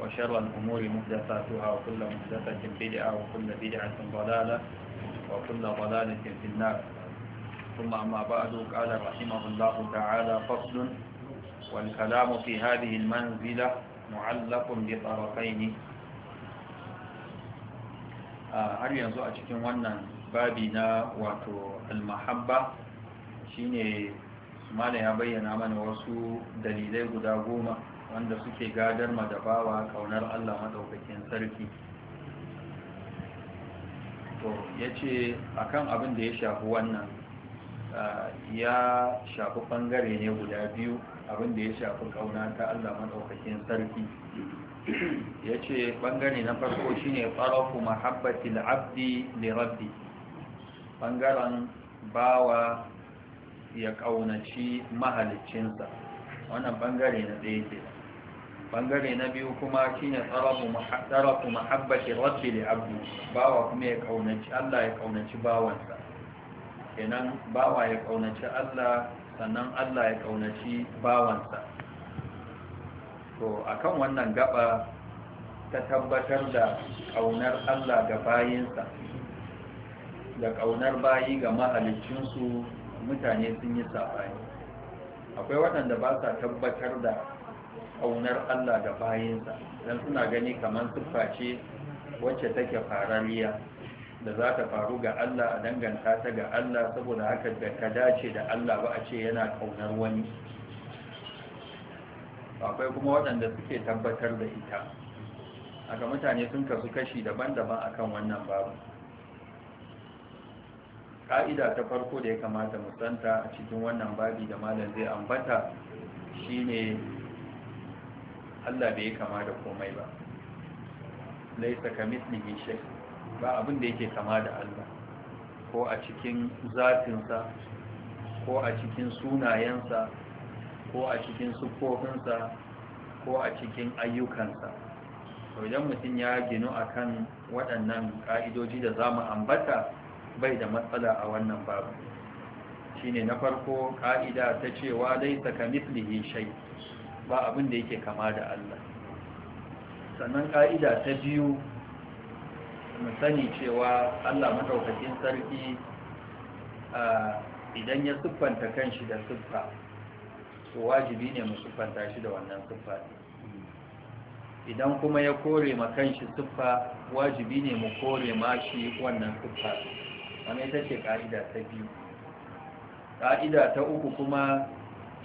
وشر الأمور محدثاتها وكل محدثة بدعة وكل بدعة ضلالة وكل ضلالة في النار ثم أما بعد قال رحمه الله تعالى فصل والكلام في هذه المنزلة معلق بطرفين har yanzu a cikin wannan babi na wato almahabba shine mana ya bayyana mana wasu dalilai guda goma wanda suke gadar ma da kaunar Allah madaukakin sarki to yace akan abin da ya shafi wannan ya shafi bangare ne guda biyu abin da ya shafi kauna ta Allah madaukakin sarki yace bangare na farko shine farafu al abdi li rabbi bangaren bawa ya kaunaci mahaliccinsa wannan bangare na ɗaya ke bangare na biyu kuma shine tsarafu mahabbati rabbi li abdi bawa kuma ya kaunaci Allah ya kaunaci bawansa kenan bawa ya kaunaci Allah sannan Allah ya kaunaci bawansa to akan wannan gaba ta tabbatar da kaunar Allah ga bayinsa da kaunar bayi ga mahaliccinsu mutane sun yi sabani akwai waɗanda ba sa tabbatar da ƙaunar Allah da bayinsa don suna gani kamar siffa ce wacce take farariya da za ta faru ga Allah a danganta ta ga Allah saboda haka da ka dace da Allah ba a ce yana ƙaunar wani akwai kuma waɗanda suke tabbatar da ita aka mutane sun kasu kashi daban-daban a kan wannan babu ƙa'ida ta farko da ya kamata musanta a cikin wannan babi da malam zai ambata shi ne. Allah bai kama da komai ba laisa kamithlihi shay ba abin da yake kama da Allah ko a cikin zafinsa, ko a cikin sunayensa ko a cikin sufofinsa ko a cikin ayyukansa to idan mutum ya ginu akan waɗannan ka'idoji da zamu ambata bai da matsala a wannan babu shine na farko ƙa'ida ta cewa laisa kamithlihi shay' ba abin da yake kama da Allah sannan ka'ida ta biyu mu sani cewa Allah madaukakin sarki idan ya siffanta kanshi da siffa to wajibi ne mu siffanta shi da wannan siffa idan kuma ya kore ma kanshi siffa wajibi ne mu kore ma shi wannan siffa amma ita ce ka'ida ta biyu ka'ida ta uku kuma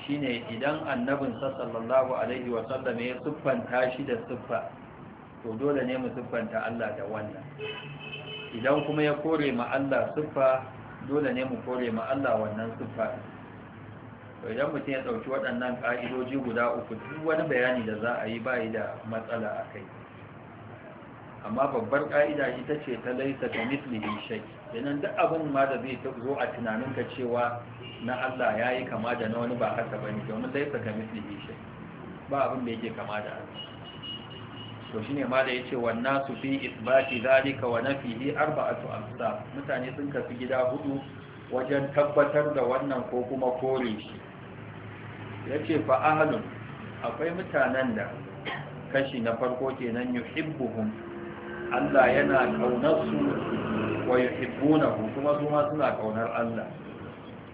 shine idan annabinsa sallallahu alaihi wasallam ya siffanta shi da siffa to dole ne mu siffanta Allah da wannan idan kuma ya kore ma Allah siffa dole ne mu kore ma Allah wannan siffa to idan mutum ya dauki waɗannan ka'idoji guda uku duk wani bayani da za a yi bai da matsala akai amma babbar ka'ida ita ce ta laisa ka mislihi kenan duk abin ma da zai zo a tunaninka cewa na Allah ya yi kama da na wani ba haka ba ne domin sai saka mislihi shi ba abin da yake kama da to shine ma da yace wanna su fi isbati zalika wa nafihi arba'atu amsa mutane sun kafi gida hudu wajen tabbatar da wannan ko kuma kore shi yace fa ahlun akwai mutanen da kashi na farko kenan yuhibbuhum Allah yana su wa yuhibbunahu kuma su ma suna ƙaunar Allah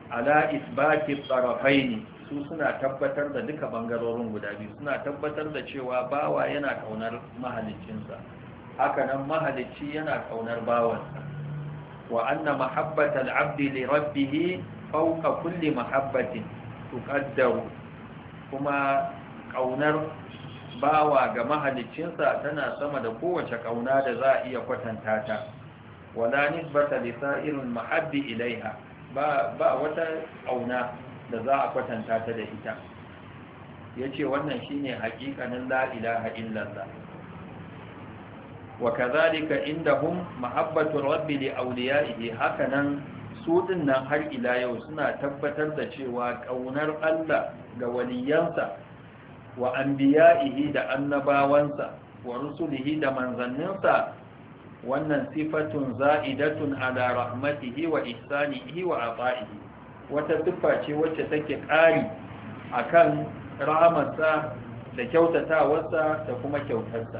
ala isbati ne. su suna tabbatar da duka bangarorin guda biyu suna tabbatar da cewa bawa yana kaunar mahalicinsa haka nan mahalicci yana kaunar bawansa wa anna mahabbata al-abdi li rabbih fawqa kulli mahabbatin tuqaddaru kuma kaunar bawa ga mahalicinsa tana sama da kowace kauna da za a iya kwatanta ta wala nisbata li irin mahabbi ilaiha ba ba wata auna da za a kwatanta ta da ita yace wannan shine haƙiƙanin la ilaha illallah wa kadhalika indahum mahabbatu rabbi li awliyaihi hakanan su dinnan har ila yau suna tabbatar da cewa kaunar Allah ga waliyansa wa anbiya'ihi da annabawansa wa rusulihi da manzanninsa wannan sifatun za'idatun ala rahmatihi wa ihsanihi wa ata'ihi wata siffa ce wacce take ƙari akan rahamarsa da kyautatawarsa da kuma kyautarsa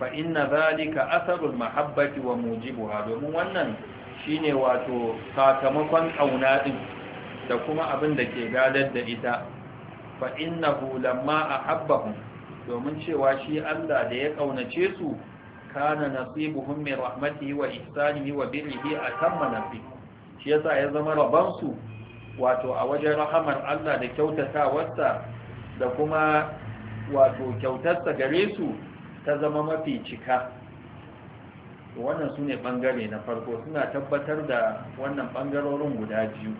fa inna zalika asarul mahabbati wa mujibuha domin wannan shine wato sakamakon kauna din da kuma abin da ke gadar da ita fa innahu lamma ahabbahum domin cewa shi Allah da ya kaunace su kana nasibuhum min rahmatihi wa ihsanihi wa birrihi atamma nasib shi yasa ya zama rabonsu? su wato a wajen rahamar Allah da kyautatawarsa da kuma wato kyautarsa gare su ta zama mafi cika wannan su ne ɓangare na farko suna tabbatar da wannan ɓangarorin guda biyu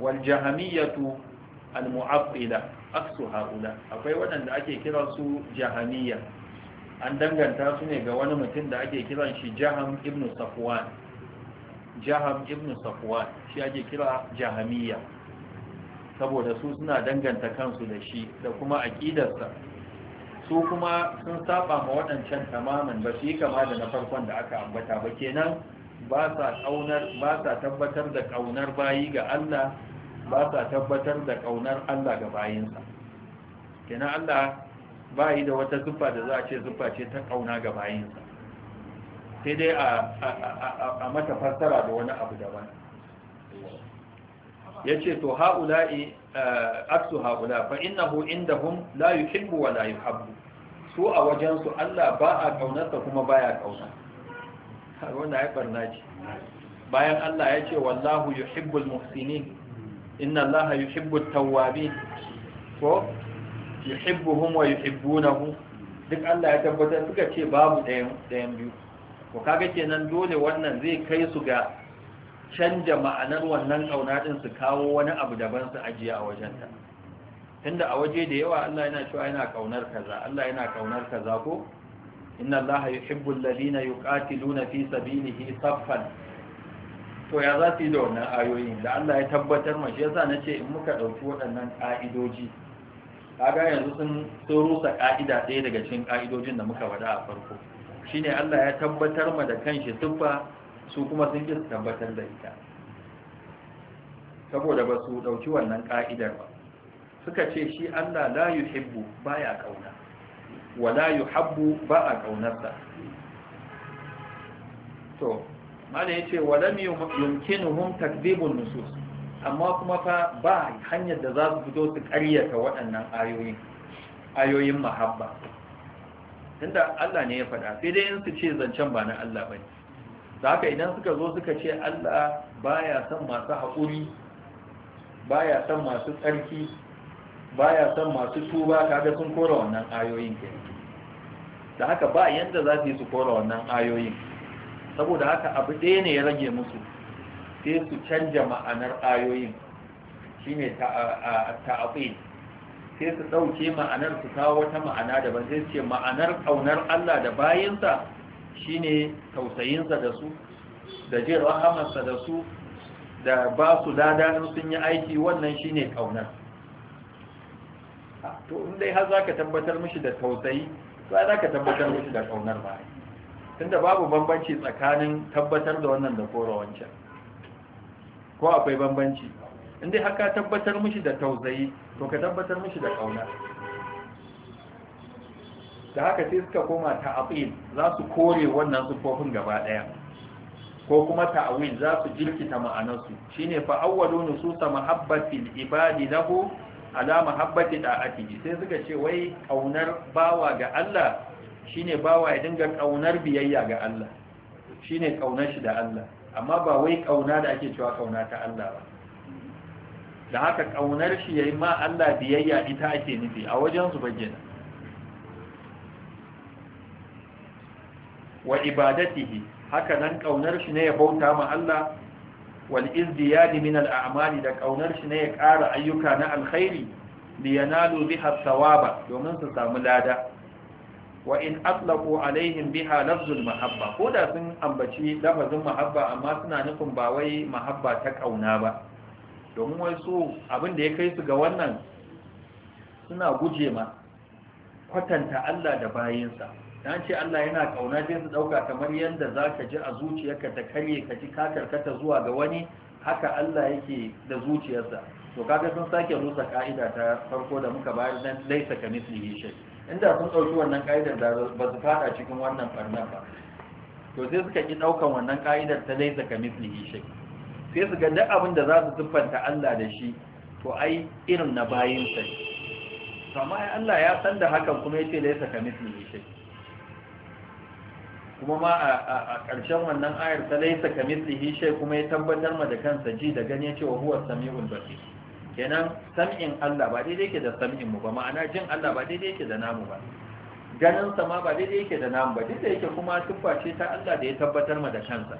wal jahamiyatu al mu'abbila aksu haula akwai waɗanda ake kira su jahamiyya an danganta su ne ga wani mutum da ake kiran shi jaham ibn safwan jaham ibn safwan shi ake kira jahamiyya saboda su suna danganta kansu da shi da kuma aqidarsa su kuma sun saba ma waɗancan tamamin ba su yi kama da na farkon da aka ambata ba kenan ba sa ba sa tabbatar da kaunar bayi ga Allah ba sa tabbatar da ƙaunar Allah ga bayinsa kenan Allah ba yi da wata siffa da za a ce siffa ce ta kauna ga bayinsa sai dai a mata fassara da wani abu daban ya ce to ha'ula'i eh, aksu ha'ula fa innahu indahum la yuhibbu wa la yuhabbu su a wajensu Allah ba a kaunarsa kuma baya kauna wannan ai barna ce bayan Allah ya ce wallahu yuhibbul muhsinin inna Allah yuhibbut tawwabin ko yuhibbuhum wa yuhibbunahu duk Allah ya tabbatar suka ce babu ɗayan ɗayan biyu ko kaga kenan dole wannan zai kai su ga canja ma'anar wannan kauna din su kawo wani abu daban su ajiye a ta tunda a waje da yawa Allah yana cewa yana kaunar kaza Allah yana kaunar kaza ko inna allaha yuhibbu alladhina yuqatiluna fi sabilihi saffan to ya za su yi da wannan ayoyin da Allah ya tabbatar mashi yasa nace in muka dauki waɗannan ka'idoji kaga yanzu sun rusa ka'ida ɗaya daga cikin ka'idojin da muka wada a farko shine Allah ya tabbatar ma da kanshi tuffa su kuma sun ƙi tabbatar da ita saboda ba su ɗauki wannan ka'idar ba suka ce shi Allah la yuhibbu baya kauna wa la yuhabbu ba a kaunarsa to mana yace wa lam yumkinuhum takdibun nusus amma kuma fa ba hanyar da za su fito su ƙaryata waɗannan ayoyin ayoyin mahabba tunda Allah ne ya faɗa sai dai in su ce zancen ba na Allah ba ne da haka idan suka zo suka ce Allah baya son masu haƙuri baya son masu tsarki baya son masu tuba kaga sun kora wannan ayoyin ke da haka ba yanda za su yi su kora wannan ayoyin saboda haka abu ɗaya ne ya rage musu sai su canja ma'anar ayoyin ne ta'afin sai su ɗauke ma'anar su kawo wata ma'ana daban sai su ce ma'anar kaunar Allah da bayinsa shine tausayinsa da su da jin rahamarsa da su da ba su lada sun yi aiki wannan shine ƙaunar. to in dai har ka tabbatar mishi da tausayi ba za ka tabbatar mishi da ƙaunar ba tunda babu bambanci tsakanin tabbatar da wannan da kora wancan ko akwai bambanci inda haka tabbatar mishi da tausayi to ka tabbatar mishi da kauna da haka sai suka koma ta'aqil za su kore wannan sufofin gaba daya ko kuma ta'awil za su jirkita ma'anarsu shine fa awwalu nususa mahabbatil ibadi lahu ala mahabbati da'atihi sai suka ce wai kaunar bawa ga Allah shine bawa ya dinga kaunar biyayya ga Allah shine kaunar shi da Allah amma ba wai kauna da ake cewa kauna ta Allah ba da haka kaunar shi yayi ma Allah biyayya ita ake nufi a wajen su bayyana wa ibadatihi haka nan kaunar shi ne ya bauta ma Allah wal izdiyadi min al a'mali da kaunar shi ne ya ƙara ayyuka na alkhairi li yanalu biha thawaba domin su samu lada wa in atlaqu alaihim biha lafzul mahabba ko da sun ambaci lafazin mahabba amma suna nufin ba wai mahabba ta kauna ba domin wai su abin da ya kai su ga wannan suna guje ma kwatanta Allah da bayinsa dan ce Allah yana kauna sai su dauka kamar yanda zaka ji a zuciyarka ta karye ka ji ka karkata zuwa ga wani haka Allah yake da zuciyarsa to kaga sun sake rusa ka'ida ta farko da muka bayar dan laisa kamislihi shay inda sun ɗauki wannan ka'idar da ba su fada cikin wannan ɓarnar ba to sai suka ƙi ɗaukan wannan ƙa'idar ta laisa ka mislihi shai sai su ga duk abin da za su siffanta Allah da shi to ai irin na bayin sa to amma ai Allah ya san da hakan kuma yace laisa ka mislihi shai kuma ma a ƙarshen wannan ayar ta laisa ka mislihi shai kuma ya tabbatar ma da kansa ji da gani yace wa huwa samiul basir kenan sam'in Allah ba daidai yake da sam'in mu ba ma'ana jin Allah ba daidai yake da namu ba ganin sa ma ba daidai yake da namu ba duk da yake kuma tuffa ce ta Allah da ya tabbatar ma da kansa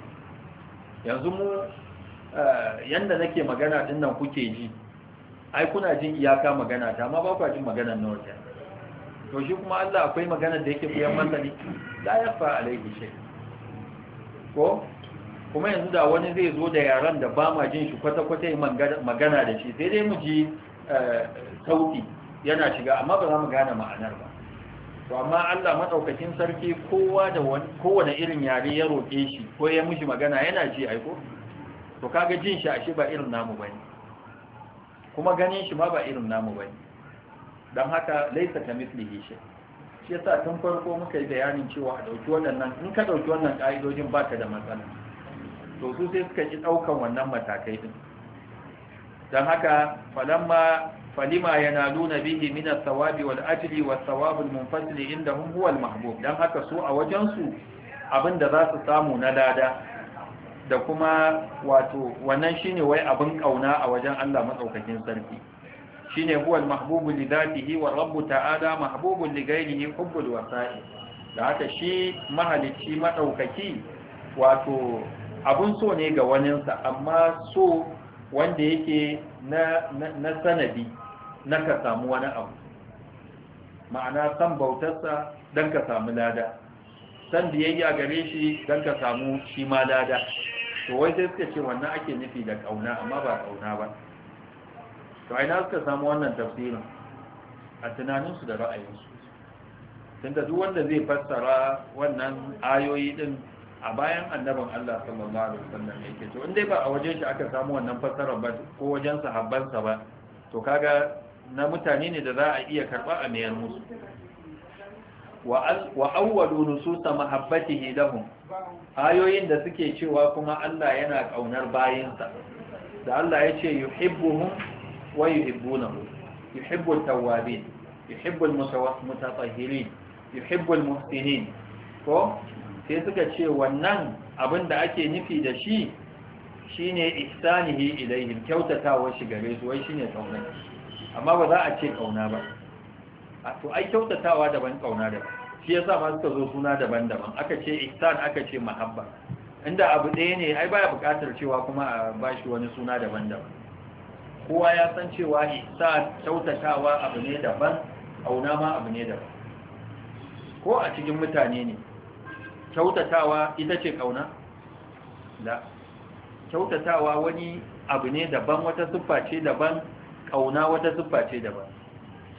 yanzu mu eh, yanda nake magana din nan kuke ji ai kuna jin iyaka magana ta amma ba ku jin magana na waje to shi kuma Allah akwai magana da yake koyan masa la yafa alaihi shay ko kuma yanzu da wani zai zo da yaran da ba ma jin shi kwata-kwata magana da shi sai dai mu ji eh, sauti yana shiga amma ba za mu gane ma'anar ba to amma Allah madaukakin sarki kowa da kowane irin yare ya roke shi ko ya mishi magana yana ji aiko to kaga jin shi a shi ba irin namu bane kuma ganin shi ma ba irin namu bane dan haka laisa ka mislihi shi shi yasa tun farko muka yi bayanin cewa a dauki wannan in ka dauki wannan ka'idojin baka da matsala to su sai suka ji ɗaukan wannan matakai din dan haka falamma falima yana nuna bihi min as-sawabi wal ajli was sawabu al munfasil indahum huwa al mahbub dan haka su a wajen su abinda za su samu na lada da kuma wato wannan shine wai abin kauna a wajen Allah madaukakin sarki shine huwa al mahbub li dhatihi wa rabb ta'ala mahbub li ghayrihi hubbul wasa'i da haka shi mahalicci madaukaki wato abun so ne ga waninsa amma so wanda yake na sanadi na ka samu wani abu ma'ana san bautarsa don ka samu lada san biyayya gare shi don ka samu shi ma lada to wai sai suka ce wannan ake nufi da kauna amma ba kauna ba to aina suka samu wannan tafsirin a tunaninsu da ra'ayinsu tunda duk wanda zai fassara wannan ayoyi din a bayan annabin Allah sallallahu alaihi wasallam yake to in dai ba a wajen shi aka samu wannan fassarar ba ko wajen sahabbansa ba to kaga na mutane ne da za a iya karba a mayar musu wa awwalu nususa mahabbatihi lahum ayoyin da suke cewa kuma Allah yana kaunar bayinsa da Allah ya ce yuhibbuhum wa yuhibbunahu yuhibbu at-tawwabin yuhibbu al-mutatahhirin yuhibbu al-muhsinin ko sai suka ce wannan abin da ake nufi da shi shine ihsanihi ilaihim kyautatawa shi gare su wai shine kauna amma ba za a ce kauna ba a to ai kyautatawa daban kauna daban shi yasa ma suka zo suna daban-daban aka ce ihsan aka ce mahabba inda abu ɗaya ne ai baya buƙatar cewa kuma a bashi wani suna daban-daban kowa ya san cewa ihsan kyautatawa abu ne daban kauna ma abu ne daban ko a cikin mutane ne kyautatawa ita ce kauna da kyautatawa wani abu ne daban wata siffa ce daban kauna wata siffa ce daban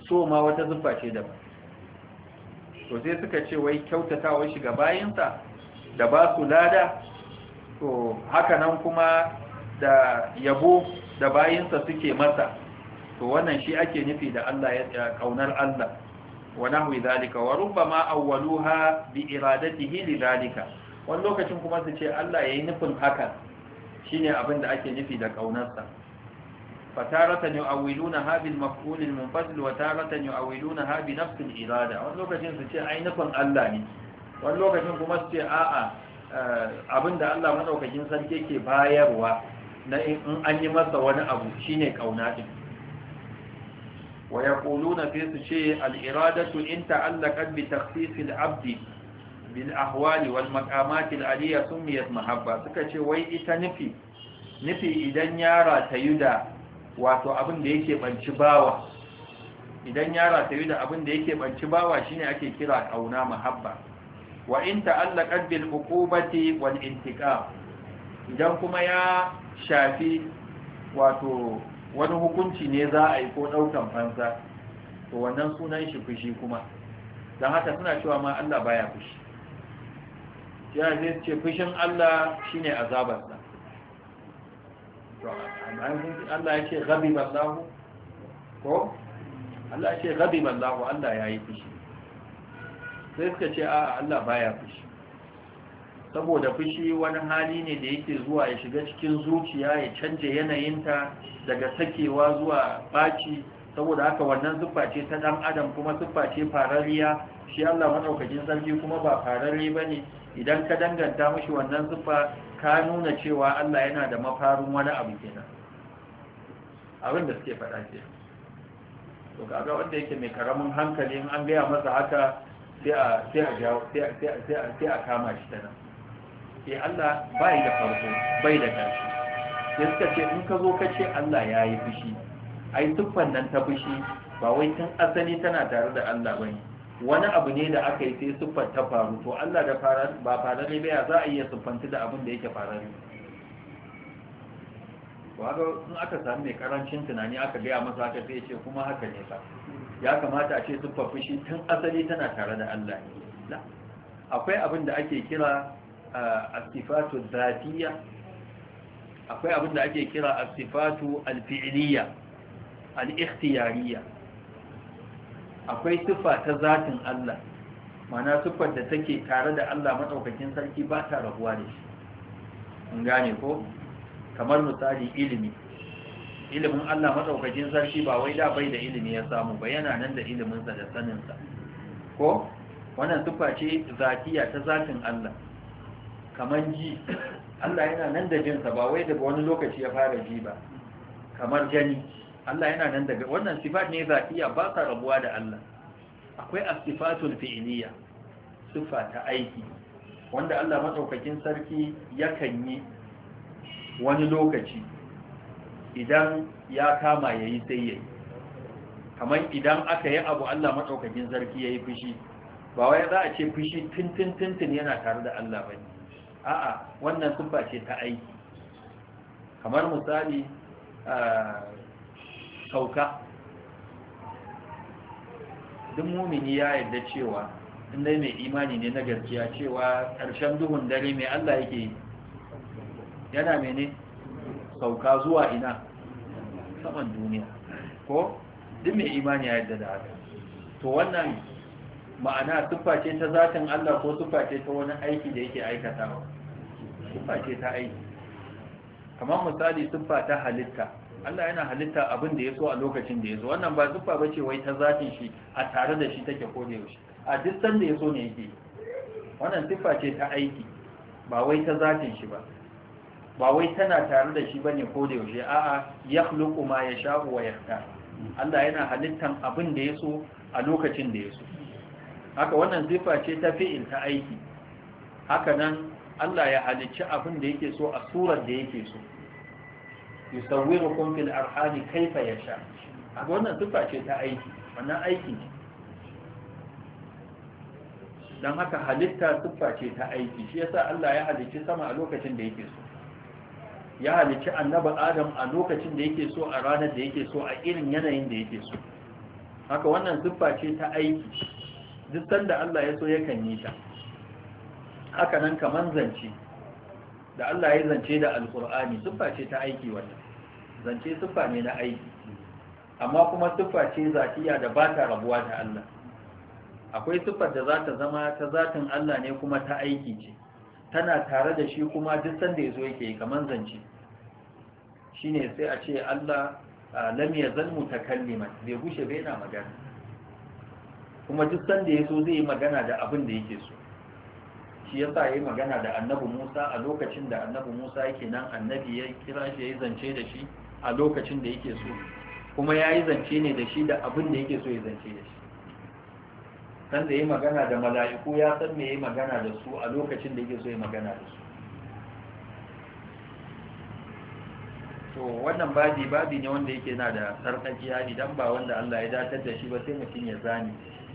so ma wata siffa ce daban to sai suka ce wai kyautatawa shi ga bayinsa da ba su lada to haka kuma da yabo da bayinsa suke masa to wannan shi ake nufi da Allah ya kaunar Allah ونحو ذلك وربما أولوها بإرادته لذلك wani lokacin kuma su ce Allah ya yi nufin hakan shine abin da ake nufi da ƙaunarsa fataratan yu'awwiluna ha bil maf'ul al munfasil wa taratan irada wani lokacin su ce nufin Allah ne wani lokacin kuma su ce a'a eh, abin da Allah madaukakin sarki yake bayarwa na in an yi masa wani abu shine kauna din wa yaquluna fi su ce al-iradatu in ta'allaqat bi takhsis al bil ahwal wal maqamat al-aliyya sumiyat mahabba suka ce wai ita nufi idan yara ta yuda wato da yake banci yake banci bawa shine ake kira kauna mahabba wa in ta'allaqat bil uqubati wal intiqam idan kuma ya shafi wato wani hukunci ne za a yi ko ɗaukan fansa to wannan sunan shi fushi kuma don haka suna cewa ma Allah baya fushi ya zai ce fushin Allah shine azabarsa to Allah ya ce gabi ballahu ko Allah ya ce gabi ballahu Allah ya yi fushi sai suka ce a Allah baya fushi saboda fushi wani hali ne da yake zuwa ya shiga cikin zuciya ya canje yanayinta daga sakewa zuwa baci saboda haka wannan zuffa ce ta dan adam kuma zuffa ce farariya shi Allah madaukakin sarki kuma ba ba bane idan ka danganta mishi wannan zuffa ka nuna cewa Allah yana da mafarin wani abu kenan abin da suke faɗa ce to kaga wanda yake mai karamin hankali in an gaya masa haka sai a sai a sai a kama shi ta nan ce Allah bai da farko bai da ƙarshe sai suka ce in ka zo ka ce Allah ya yi fushi ai tuffan nan ta fushi ba wai tun asali tana tare da Allah ba ne wani abu ne da aka yi sai siffar ta faru to Allah da ba fararre ba za a iya siffanci da abin da yake ne waga in aka sami mai karancin tunani aka gaya masa haka sai ce kuma haka ne ba ya kamata a ce siffar fushi tun asali tana tare da Allah ne akwai abin da ake kira asifatu zatiya akwai abin da ake kira asifatu alfi'liya al-ikhtiyariya akwai siffa ta zatin Allah mana siffar da take tare da Allah madaukakin sarki ba ta rabuwa da shi in gane ko kamar misali ilimi ilimin Allah madaukakin sarki ba wai da bai da ilimi ya samu ba yana nan da iliminsa da saninsa ko wannan siffa ce zatiya ta zatin Allah kamar ji Allah yana nan da jinsa ba wai daga wani lokaci ya fara ji ba kamar jani Allah yana nan daga wannan sifat ne zatiya ba sa rabuwa da Allah akwai asifatul fi'liya sifa ta aiki wanda Allah madaukakin sarki yakan yi wani lokaci idan ya kama yayi sai yayi kamar idan aka yi abu Allah madaukakin sarki yayi fushi ba wai za a ce fushi tintin yana tare da Allah bane a'a wannan siffa ce ta aiki kamar misali sauka duk mumini ya yarda cewa inda mai imani ne na gaskiya cewa ƙarshen duhun dare mai Allah yake yi yana mene sauka zuwa ina saman duniya ko duk mai imani ya yarda da haka to wannan ma'ana tuffa ce ta zatin Allah ko tuffa ce ta wani aiki da yake aikatawa siffa ce ta aiki kamar misali siffa ta halitta Allah yana halitta abin da ya so a lokacin da ya so wannan ba siffa ba ce wai ta zafin shi a tare da shi take kone shi a duk sanda ya so ne yake wannan siffa ce ta aiki ba wai ta zafin shi ba ba wai tana tare da shi bane ko da yaushe a'a yakhluqu ma yasha'u wa yahtar Allah yana halittan abin da ya so a lokacin da ya so. haka wannan siffa ce ta fi'il ta aiki haka nan Allah ya halicci abin da yake so a surar da yake so yusawwirukum fil arhami kaifa sha. a wannan tufa ce ta aiki wannan aiki ne Don haka halitta tufa ce ta aiki shi yasa Allah ya halicci sama a lokacin da yake so ya halicci annaba Adam a lokacin da yake so a ranar da yake so a irin yanayin da yake so haka wannan tufa ce ta aiki duk sanda Allah ya so yakan yi ta haka nan kaman zance da Allah ya zance da alkur'ani siffa ce ta aiki wannan zance siffa ne na aiki amma kuma siffa ce zatiya da ba ta rabuwa ta Allah akwai siffar da za ta zama ta zatin Allah ne kuma ta aiki ce tana tare da shi kuma duk sanda ya zo yake kamar zance shine sai a ce Allah lam yazal mutakalliman bai gushe bai na magana kuma duk sanda ya so zai yi magana da abin da yake so shi yasa yayi magana da annabi Musa a lokacin da annabi Musa yake nan annabi ya kira shi yayi zance da shi a lokacin da yake so kuma yayi zance ne da shi da abin da yake so ya zance da shi kan da yayi magana da mala'iku ya san me yayi magana da su a lokacin da yake so ya magana da su to wannan babi babi ne wanda yake yana da sarkakiya dan ba wanda Allah ya datar da shi ba sai mutum ya zani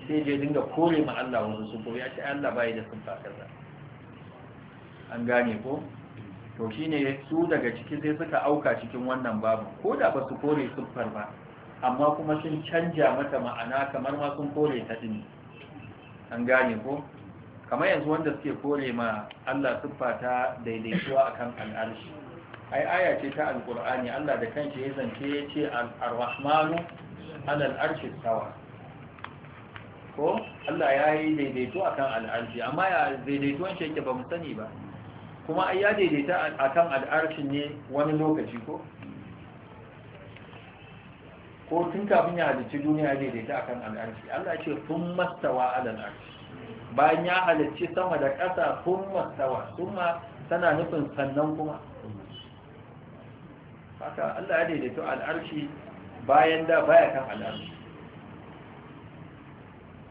sai je dinga kore ma Allah wasu su ko ya ce Allah bai da sun kaza an gane ko to shine su daga ciki sai suka auka cikin wannan babu ko da ba su kore siffar ba amma kuma sun canja mata ma'ana kamar ma sun kore ta dini an gane ko kamar yanzu wanda suke kore ma Allah siffa ta daidaituwa akan al'arshi ai aya ce ta alqur'ani Allah da kanshi ya zance ya ce ar-rahmanu ala al'arshi tawa ko Allah ya yi daidaito akan al'arshi amma ya daidaituwan shi yake ba mu sani ba kuma ai ya daidaita akan al'arshin ne wani lokaci ko ko tun kafin ya halicci duniya ya daidaita akan al'arshi Allah ce sun mastawa alal arshi bayan ya halicci sama da ƙasa sun mastawa summa tana nufin sannan kuma haka Allah ya daidaita al'arshi bayan da baya kan al'arshi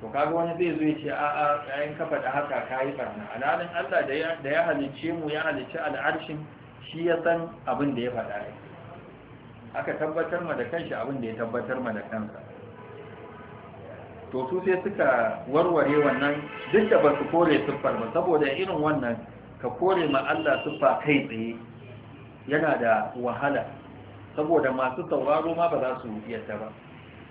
to kaga wani zai zo ya ce a a kayan ka faɗa haka ka yi barna alhalin Allah da ya halicce mu ya halicce al'arshin shi ya san abin da ya faɗa ne aka tabbatar ma da kanshi abin da ya tabbatar ma da kansa to su sai suka warware wannan duk da ba su kore siffar ba saboda irin wannan ka kore ma Allah siffa kai tsaye yana da wahala saboda masu sauraro ma ba za su yadda ba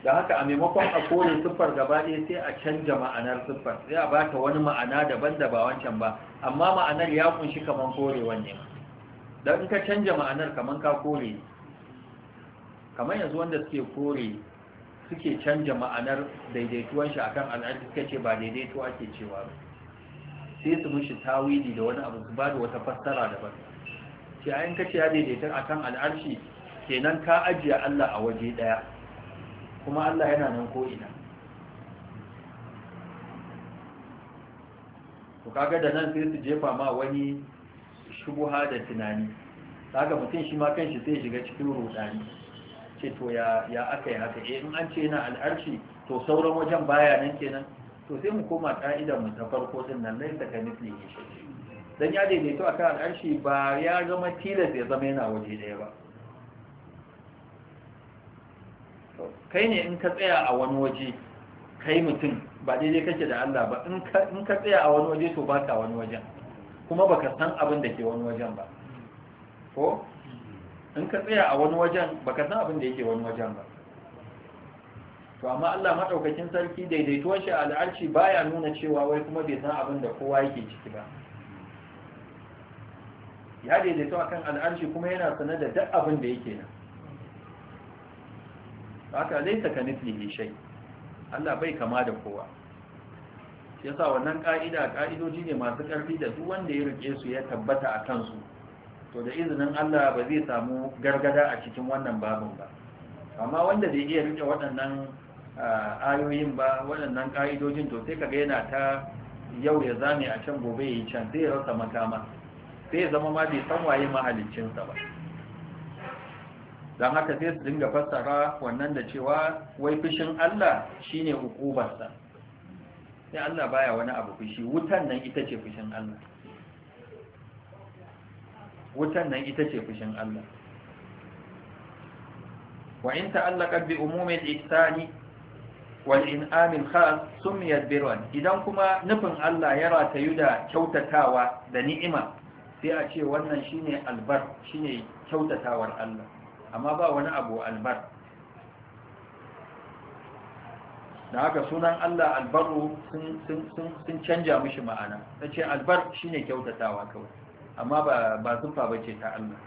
da haka a maimakon a kore siffar gaba ɗaya sai a canja ma'anar siffar sai a bata wani ma'ana daban da ba wancan ba amma ma'anar ya kunshi kamar kore wani. ma don in ka canja ma'anar kamar ka kore kamar yanzu wanda suke kore suke canja ma'anar daidaituwan shi akan al'adu suka ce ba daidaito ake cewa ba sai su mushi tawili da wani abu su ba da wata fassara daban sai yin kace ya daidaita akan al'arshi kenan ka ajiye Allah a waje daya kuma Allah yana nan ko'ina to kaga da nan sai su jefa ma wani shubuha da tunani kaga mutum shi ma kanshi sai shiga cikin rudani ce to ya ya yi haka eh in an ce yana al'arshi to sauran wajen baya nan kenan to sai mu koma ka'idar mu ta farko din nan lai ta kamithli shi dan ya daidaito akan al'arshi ba ya zama tilas ya zama yana waje daya ba kai ne in ka tsaya a wani waje kai mutum ba daidai kake da Allah ba in ka tsaya a wani waje to ba ka wani wajen kuma baka san abin da ke wani wajen ba ko in ka tsaya a wani wajen baka san abin da yake wani wajen ba to amma Allah madaukakin sarki daidaituwar shi a al'arci baya nuna cewa wai kuma bai san abin da kowa yake ciki ba ya daidaito akan al'arci kuma yana sanar da duk abin da yake nan haka laisa saka mislihi shay Allah bai kama da kowa shi yasa wannan ka'ida ka'idoji ne masu ƙarfi da duk wanda ya rike su ya tabbata a kansu to da izinin Allah ba zai samu gargada a cikin wannan babin ba amma wanda bai iya rike waɗannan ayoyin ba waɗannan ka'idojin to sai kaga yana ta yau ya zame a can gobe ya yi can sai ya rasa makama sai ya zama ma bai san waye mahaliccinsa ba don haka sai su dinga fassara wannan da cewa wai fushin Allah shine hukubarsa sai Allah baya wani abu fushi wutan nan ita ce fushin Allah wutan nan ita ce fushin Allah wa in ta'allaqat bi umumi al-ihsani wal in'am al-khas sumiyat birran idan kuma nufin Allah ya ratayu da kyautatawa da ni'ima sai a ce wannan shine albar shine kyautatawar Allah amma ba wani abu albar da haka sunan Allah albaru sun canja mishi ma'ana ta ce albar shi ne kyautatawa kawai amma ba zufa ba ce ta Allah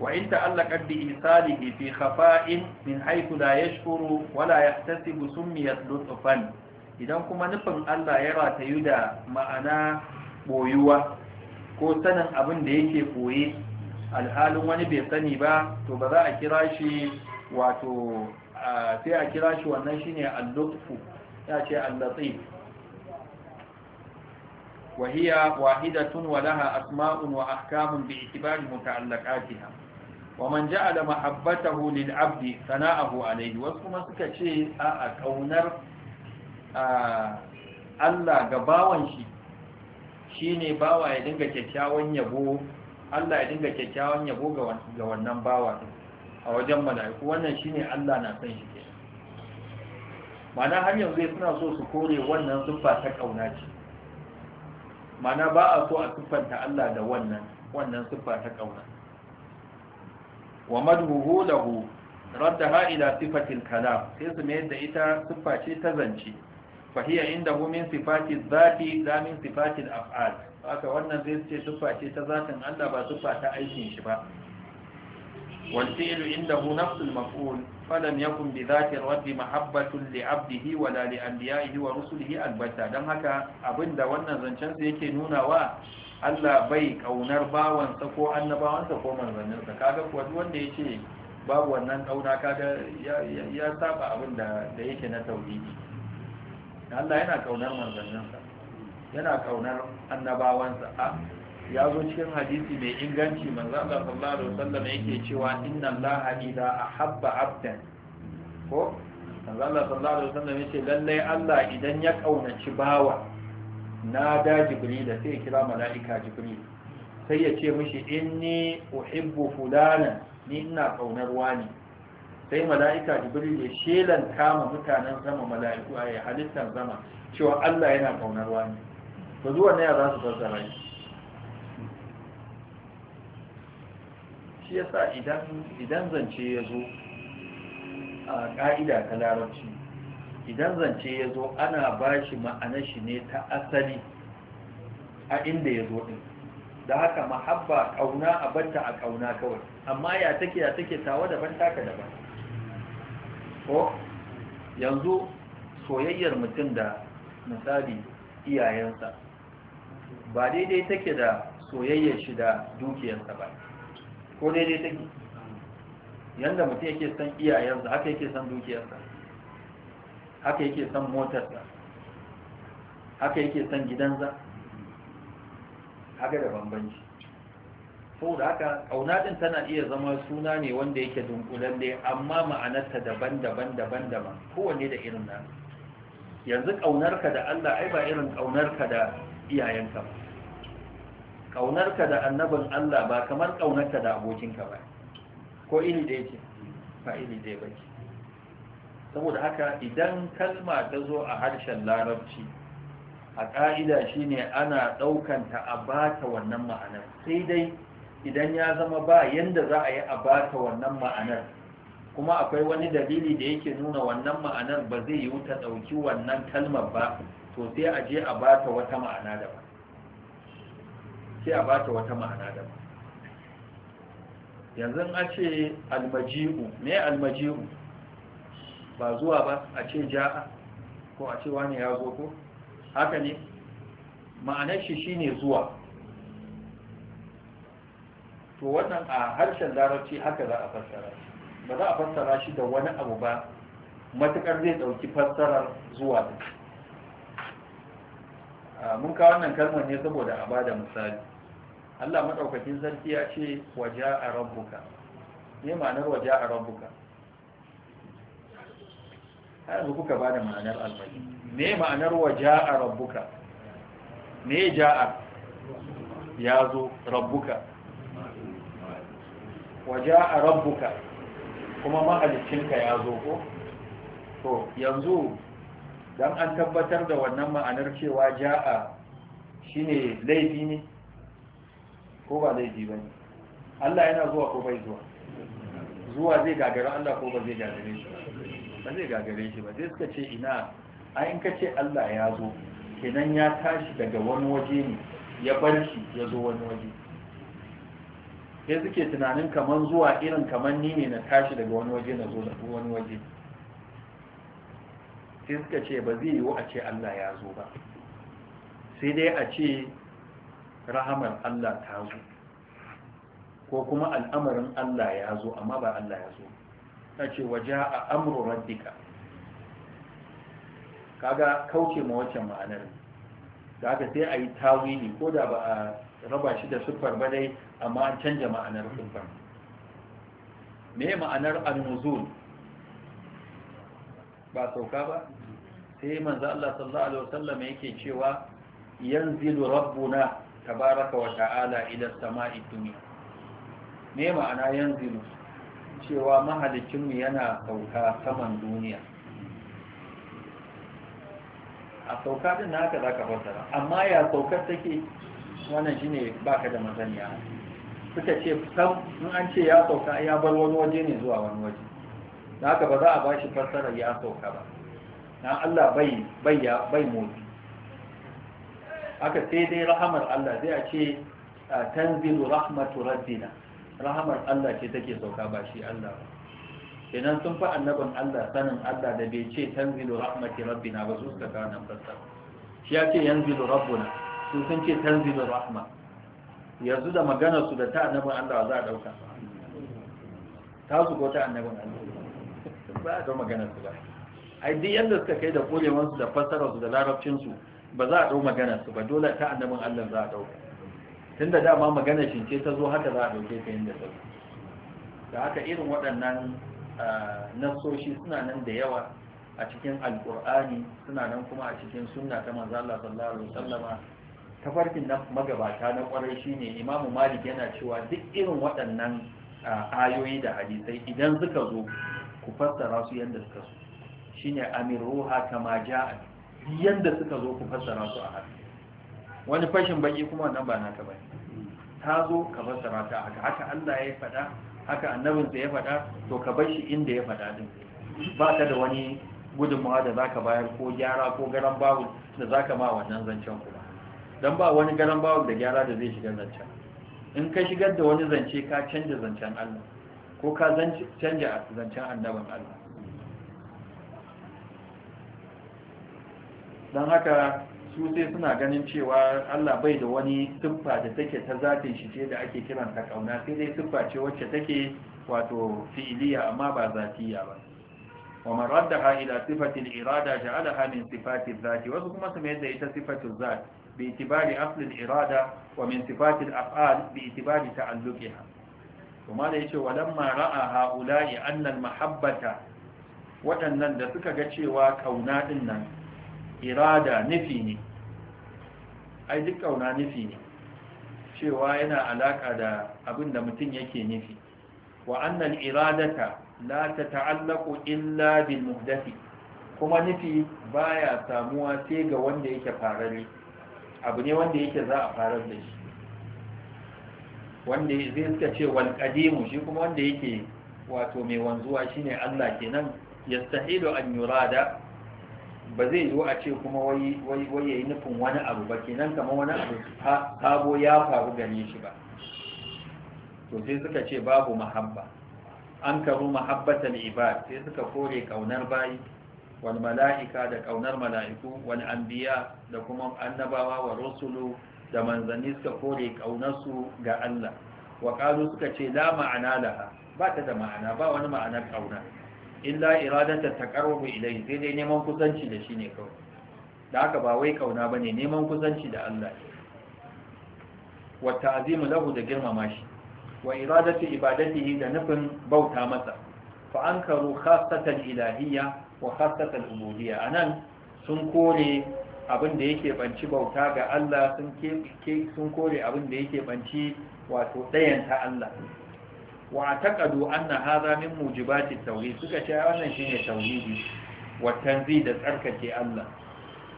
وإن تعلقت بإيصاله في خفاء من حيث لا يشكر ولا يحتسب سميت لطفا idan kuma nufin Allah ya ratayu da ma'ana boyuwa ko sanin abin da yake boye alhalin wani bai sani ba to ba za a kira shi wato sai a kira shi wannan shi ne allotufu ya ce allatsif wahiya wahidatun walaha asma'un wa ahkamun bi ikibari muta'allakatiha wa man ja'ala mahabbatahu lil'abdi sana'ahu alaihi wasu kuma suka ce a kaunar Allah ga bawan shi shi ne bawa ya dinga kyakkyawan yabo Allah ya dinga kyakkyawan yabo ga wannan bawa a wajen mala'iku wannan shine Allah na san shi ke mana har yanzu suna so su kore wannan siffa ta kauna ce mana ba a so a siffanta Allah da wannan wannan siffa ta kauna wa madhuhu lahu raddaha ila sifatil kalam sai su mayar da ita siffa ce ta zance fa hiya indahu min sifati dhati la min sifati al af'al haka wannan zai ce siffa ce ta zatin Allah ba siffa ta aikin shi ba wal fi'lu indahu nafsul maf'ul falam yakun bi dhati rabbi mahabbatun li 'abdihi wa la li anbiya'ihi wa rusulihi albatta dan haka abinda wannan zancen sa yake nuna wa? Allah bai kaunar bawansa ko annabawansa ko sa kaga kuwa wanda yace babu wannan kauna kaga ya saba abinda da yake na tauhidi Allah yana kaunar sa. yana kaunar annabawansa a ya zo cikin hadisi mai inganci manzo Allah sallallahu alaihi wasallam yake cewa inna Allah idza ahabba abdan ko manzo Allah sallallahu alaihi wasallam yace lalle Allah idan ya kaunaci bawa na da Jibril da sai kira malaika Jibril sai ya ce mishi inni uhibbu fulana ni ina kaunar wani sai mala'ika jibril ya shelan kama mutanen sama mala'iku a halittar zama cewa Allah yana kaunar wani to zuwa na ya za su fassara yi shi ya sa idan zance ya zo a ƙa'ida ta larabci idan zance ya zo ana ba shi shi ne ta asali a inda ya zo ɗin da haka mahabba ƙauna a banta a ƙauna kawai amma ya take ya take tawa daban taka daban ko yanzu soyayyar mutum da misali iyayensa ba daidai take da soyayyar shi da dukiyarsa ba ko daidai take yanda mutum yake son iyayensa haka yake son dukiyarsa haka yake son motarsa haka yake son gidansa haka da bambanci da haka ƙaunaɗin tana iya zama suna ne wanda yake dunkulalle amma ma'anarta daban-daban daban-daban kowanne da irin nan yanzu ƙaunarka da Allah ai ba irin ƙaunarka da iyayenka ba kaunarka da annabin Allah ba kamar kaunarka da abokinka ba ko iri da yake ba iri da ba saboda haka idan kalma ta zo a harshen larabci a ƙa'ida shine ana ɗaukanta a bata wannan ma'anar sai dai idan ya zama ba yadda za a yi a bata wannan ma'anar kuma akwai wani dalili da yake nuna wannan ma'anar ba zai yiwu ta ɗauki wannan kalmar ba to sai a je a bata wata ma'ana daban sai a bata wata ma'ana da yanzu an ce almaji'u me almaji'u ba zuwa ba a ce ja'a ko a ce wani ya zo ko haka ne ma'anar shi shine zuwa to wannan a harshen larabci haka za a fassara shi ba za a fassara shi da wani abu ba matukar zai dauki fassarar zuwa da mun kawo wannan kalmar ne saboda a bada misali Allah madaukakin sarki ya ce a rabbuka me ma'anar a rabbuka har yanzu kuka ba da ma'anar almai me ma'anar a rabbuka me ja'a ya zo rabbuka a rabbuka kuma ma'alicinka ya zo ko to yanzu dan an tabbatar da wannan ma'anar cewa ja'a shine laifi ne ko ba ji ba ne Allah yana zuwa ko bai zuwa zuwa zai gagara Allah ko ba zai gagare shi ba zai gagare shi ba sai suka ce ina a in ka ce Allah ya zo kenan ya tashi daga wani waje ne ya bar shi ya zo wani waje sai suke tunanin kamar zuwa irin kamar ni ne na tashi daga wani waje na zo da wani waje sai suka ce ba zai yiwu a ce Allah ya zo ba sai dai a ce rahamar Allah ta zo ko kuma al'amarin Allah ya zo amma ba Allah ya zo ta ce waje a amru rabbika kaga kauce ma wacce ma'anar da aka sai a yi tawili ko da ba a raba shi da siffar ba dai amma an canja ma'anar siffar me ma'anar al-nuzul ba sauka ba sai manzo Allah sallallahu alaihi wasallam yake cewa yanzilu rabbuna tabaraka wa ta'ala ila sama'i duniya me ma'ana yanzu cewa mu yana sauka saman duniya a sauka din haka za ka fassara amma ya saukar take wannan shine baka da masaniya suka ce sam in an ce ya sauka ya bar wani waje ne zuwa wani waje da haka ba za a bashi fassara ya sauka ba na Allah bai bai bai motsi Aka sai dai rahamar Allah zai a ce tanzilu rahmatu rabbina rahamar Allah ce take sauka ba shi Allah ba kenan sun fa annabin Allah sanin Allah da bai ce tanzilu rahmati rabbina ba su suka kawo nan fassara shi ya ce yanzilu rabbuna su sun ce tanzilu rahma yanzu da maganar su da ta annabin Allah za a dauka ta su ko ta annabin Allah ba a ga maganar su ba ai duk yadda suka kai da korewansu da fassararsu da larabcinsu ba za a ɗau magana su ba dole ta annabin Allah za a ɗauka tunda dama magana shince ta zo haka za a ɗauke ta da ta da haka irin waɗannan nasoshi suna nan da yawa a cikin alƙur'ani suna nan kuma a cikin sunna ta manzo Allah sallallahu alaihi ta farkin na magabata na kwarai shine Imam Malik yana cewa duk irin waɗannan ayoyi da hadisai idan suka zo ku fassara su yadda suka so shine amiruha kama ja'at yadda suka zo ku fassara su a haka wani fashin baki kuma wannan ba naka bane ta zo ka fassara ta haka haka Allah ya faɗa haka annabin sa ya faɗa to ka bar shi inda ya faɗa din ba ka da wani gudunmawa da za ka bayar ko gyara ko garan bawul da za ka ma wannan zancen ku ba, don ba wani garan bawul da gyara da zai shiga zancen in ka shigar da wani zance ka canja zancen allah ko ka canja zancen annaban allah don haka su sai suna ganin cewa Allah bai da wani siffa da take ta zatin shi ce da ake kiranta kauna sai dai siffa ce wacce take wato fi'iliya amma ba zatiya ba wa man raddaha ila sifatil irada ja'alaha min sifatil zati wasu kuma su mai da ita sifatil zat bi itibari aslil irada wa min sifatil af'al bi itibari ta'alluqiha kuma da yace walamma ra'a ha'ula'i anna al mahabbata waɗannan da suka ga cewa kauna din nan irada nufi ne ai duk kauna nufi ne cewa yana alaka da abin da mutum yake nufi wa annal iradata la ta'allaku illa bil muhdathi kuma nufi baya samuwa sai ga wanda yake farare abu ne wanda yake za a farar da shi wanda zai suka ce wal qadimu shi kuma wanda yake wato mai wanzuwa shine Allah kenan yastahilu an yurada ba zai yiwu a ce kuma wai ya yi nufin wani abu ba kenan kama wani abu sabo ya faru gane shi ba to sai suka ce babu mahabba an karu mahabbatan ibad sai suka kore kaunar bayi wani mala'ika da kaunar mala'iku wani anbiya da kuma annabawa wa rusulu da manzanni suka kore kaunarsu ga Allah wa qalu suka ce la ma'ana laha ba ta da ma'ana ba wani ma'anar kauna illa iradata taqarrubu ilayhi sai dai neman kusanci da shi ne kawai da haka ba wai kauna bane neman kusanci da Allah wa ta'zimu lahu da girmama shi wa iradatu ibadatihi da nufin bauta masa fa ankaru khassatan ilahiyya wa khassatan ubudiyya anan sun kore abin da yake banci bauta ga Allah sun sun kore abin da yake banci wato dayanta Allah wa taqadu anna hadha min mujibati tauhid suka ce wannan shine tauhidi wa tanzih da tsarkake Allah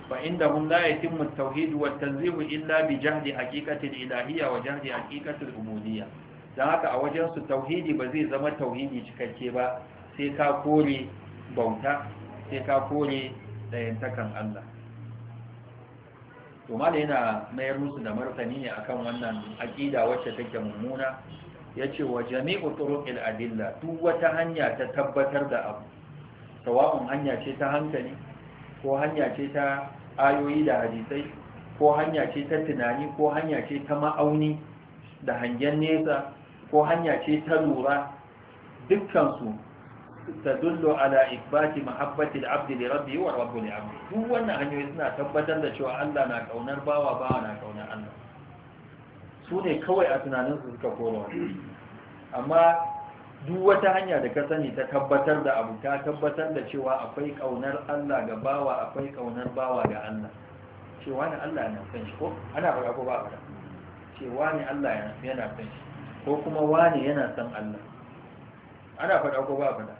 fa hum la yatimmu at-tauhid wa tanzih illa bi jahdi haqiqati al-ilahiyya wa jahdi haqiqati al dan haka a wajen su tauhidi ba zai zama tauhidi cikakke ba sai ka kore bauta sai ka kore dayantakan Allah to mala yana mayar musu da martani ne akan wannan aqida wacce take mummuna ya ce wa jami'u turuqil adilla duk wata hanya ta tabbatar da abu sawa'un hanya ce ta hankali ko hanya ce ta ayoyi da hadisai ko hanya ce ta tunani ko hanya ce ta ma'auni da hangen nesa ko hanya ce ta lura dukkansu tadullu ala ikbati mahabbati al-abd li rabbihi wa rabbu li abdi duk wannan hanyoyi suna tabbatar da cewa Allah na kaunar bawa bawa na kaunar Allah su ne kawai a tunaninsu suka kone wani amma duk wata hanya da ka sani ta tabbatar da abu ta tabbatar da cewa akwai kaunar Allah ga bawa akwai kaunar bawa ga Allah cewa ne Allah yana san shi ko ana faɗa ko ba faɗa cewa ne Allah yana san shi ko kuma wani yana san Allah ana faɗa ko ba faɗa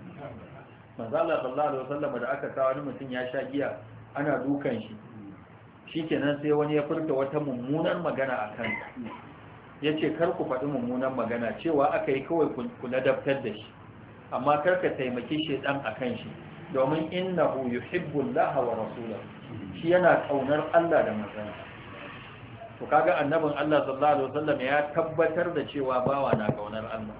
manzo Allah sallallahu alaihi wasallam da aka sa wani mutum ya sha giya ana dukan shi shikenan sai wani ya furta wata mummunar magana akan ya ce kar ku faɗi mummunan magana cewa aka yi kawai ku ladabtar da shi amma kar ka taimaki shaidan a kan shi domin innahu yuhibbullaha wa rasulahu shi yana kaunar Allah da manzansa to kaga annabin Allah sallallahu alaihi wasallam ya tabbatar da cewa bawa na kaunar Allah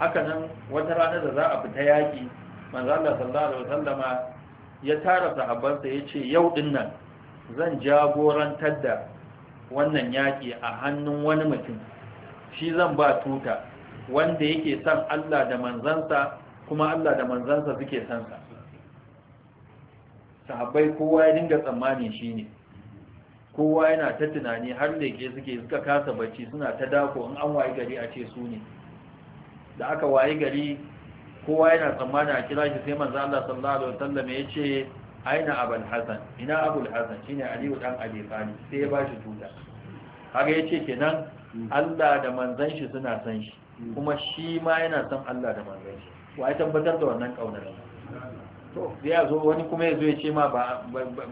haka nan wata rana da za a fita yaki manzo Allah sallallahu alaihi ya tara sahabbansa ce yau dinnan, zan jagorantar da wannan yaƙi a hannun wani mutum shi zan ba tuta wanda yake son Allah da manzansa kuma Allah da manzansa suke sansa sahabbai kowa ya dinga tsammani ne, kowa yana ta tunani har leke suke suka kasa bacci suna ta dako in an wayi gari a ce su ne da aka wayi gari kowa yana tsammani a kira shi sai manzo Allah sallallahu alaihi wasallam ya ce aina abul hasan ina abul hasan shine aliyu dan abi sai ya bashi tuta ce yace kenan Allah da manzon shi suna san shi kuma shi ma yana san Allah da manzon shi wa ya tabbatar da wannan ƙaunar to ya zo wani kuma ya zo ya ce ma ba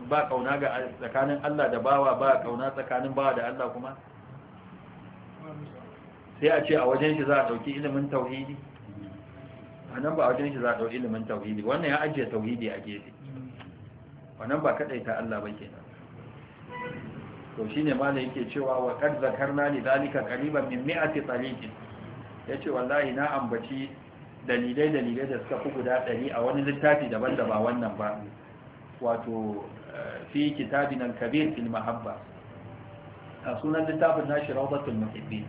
ba kauna ga tsakanin Allah da bawa ba kauna tsakanin bawa da Allah kuma sai a ce a wajen shi za a dauki ilimin tauhidi a nan ba a wajen shi za a dauki ilimin tauhidi wannan ya ajiye tauhidi a gefe wannan ba kadai ta Allah ba kenan to shine malai yake cewa wa kad zakarna li zalika qariban min mi'ati tariqin yace wallahi na ambaci dalilai dalilai da suka fi guda 100 a wani littafi daban da ba wannan ba wato eh, fi al kabir fil mahabba a sunan littafin nashi rawdatul muhibbin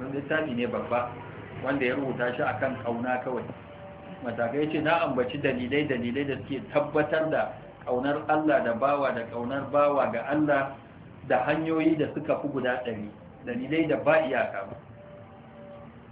wannan littafi ne babba wanda ya rubuta shi akan kauna kawai matakai yace na ambaci dalilai dalilai da suke tabbatar da kaunar Allah da bawa da kaunar bawa ga Allah da hanyoyi da suka fi guda ɗari dalilai da ba iyaka ba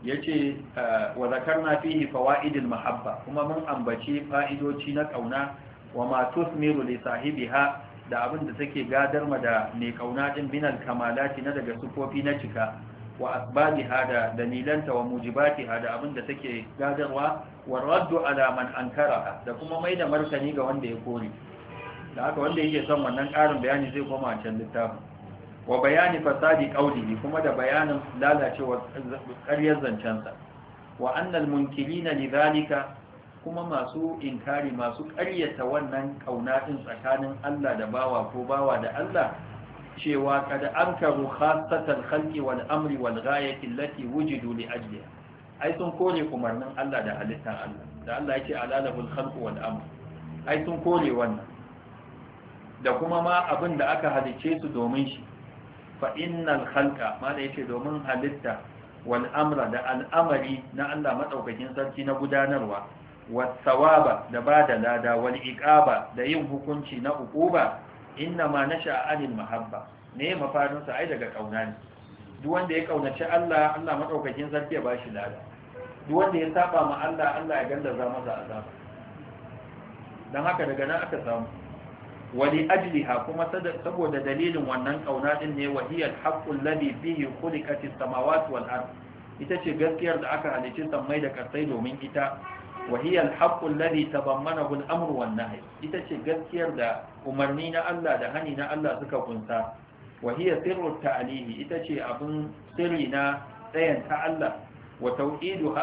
ya ce ah, wa zakar zakarna fihi fawa'idil mahabba kuma mun ambaci fa'idoci na kauna wa matus tusmiru li ha da abin da take gadar ma da mai kauna ɗin binal kamalati na daga sufofi na cika wa ha da dalilanta wa mujibati ha da abin da take gadarwa wa raddu alaman man da kuma mai da martani ga wanda ya kore da haka wanda yake son wannan ƙarin bayani zai koma a can littafin wa bayani fasadi qaulihi kuma da bayanin lalacewar ƙaryar zancensa wa annal munkirina lidhalika kuma masu inkari masu ƙaryata wannan kauna din tsakanin Allah da bawa ko bawa da Allah cewa kada ankaru khassatan khalqi wal amri wal ghayati allati wujidu li ajliha ai sun kore umarnin Allah da halittar Allah da Allah yake alalahul khalqu wal amr ai sun kore wannan da kuma ma abin da aka halice su domin shi fa innal khalqa ma da yake domin halitta wal amra da al'amari na Allah madaukakin sarki na gudanarwa was sawaba da bada lada wal iqaba da yin hukunci na uquba inna ma nasha anil mahabba ne mafarin sa ai daga kauna ne duk wanda ya kaunaci Allah Allah madaukakin sarki ya bashi lada duk wanda ya saba ma Allah Allah ya gallaza masa azaba dan haka daga nan aka samu wali adliha kuma saboda dalilin wannan kauna din ne wahiyar haqqul ladhi fihi khuliqatis samawati wal ard ita ce gaskiyar da aka halicci sammai da karsai domin ita wahiyal haƙƙun labi tadammanahu al amru wan ita ce gaskiyar da umarni na Allah da hani na Allah suka kunsa wahiya sirru ta'alihi ita ce abin sirri na tsayan ta Allah wa tauhidu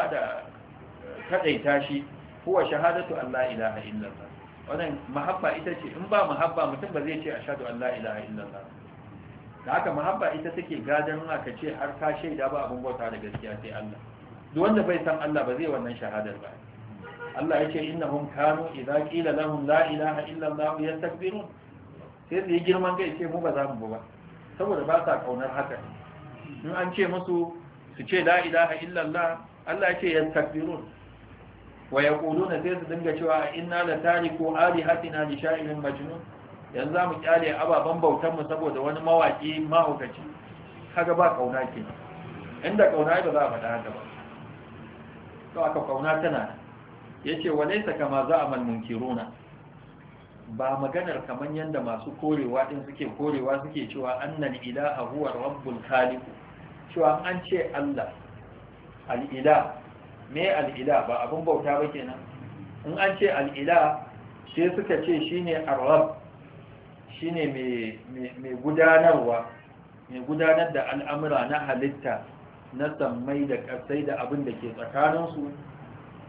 kaɗaita shi kowa shahadatu allah la ilaha illallah wannan mahabba ita ce in ba mahabba mutum ba zai ce ashhadu an la ilaha illallah da haka mahabba ita take gadar aka ce har ka shaida ba abin bauta da gaskiya sai Allah duk wanda bai san Allah ba zai wannan shahadar ba Allah ya ce innahum kanu idza qila lahum la ilaha illa Allah yastakbirun sai su yi girman kai ce mu ba za mu ba saboda ba sa kaunar haka in an ce musu su ce la ilaha illa Allah Allah ya ce yastakbirun wa yaquluna sai su dinga cewa inna la tariku alihatina li sha'irin majnun yanzu za mu kyale ababen bautar mu saboda wani mawaki mahaukaci kaga ba kauna ke inda kauna ba za a faɗa haka ba to aka kauna tana yace wa laysa kama za'amal munkiruna ba maganar kaman yanda masu korewa din suke korewa suke cewa annal ilaha huwa rabbul khaliq cewa an ce Allah al-ilah me al'ila ba abin bauta ba kenan in an ce al'ila sai suka ce shine arab shine mai gudanarwa mai gudanar da al'amura na halitta na sammai da ƙasai da abin da ke tsakaninsu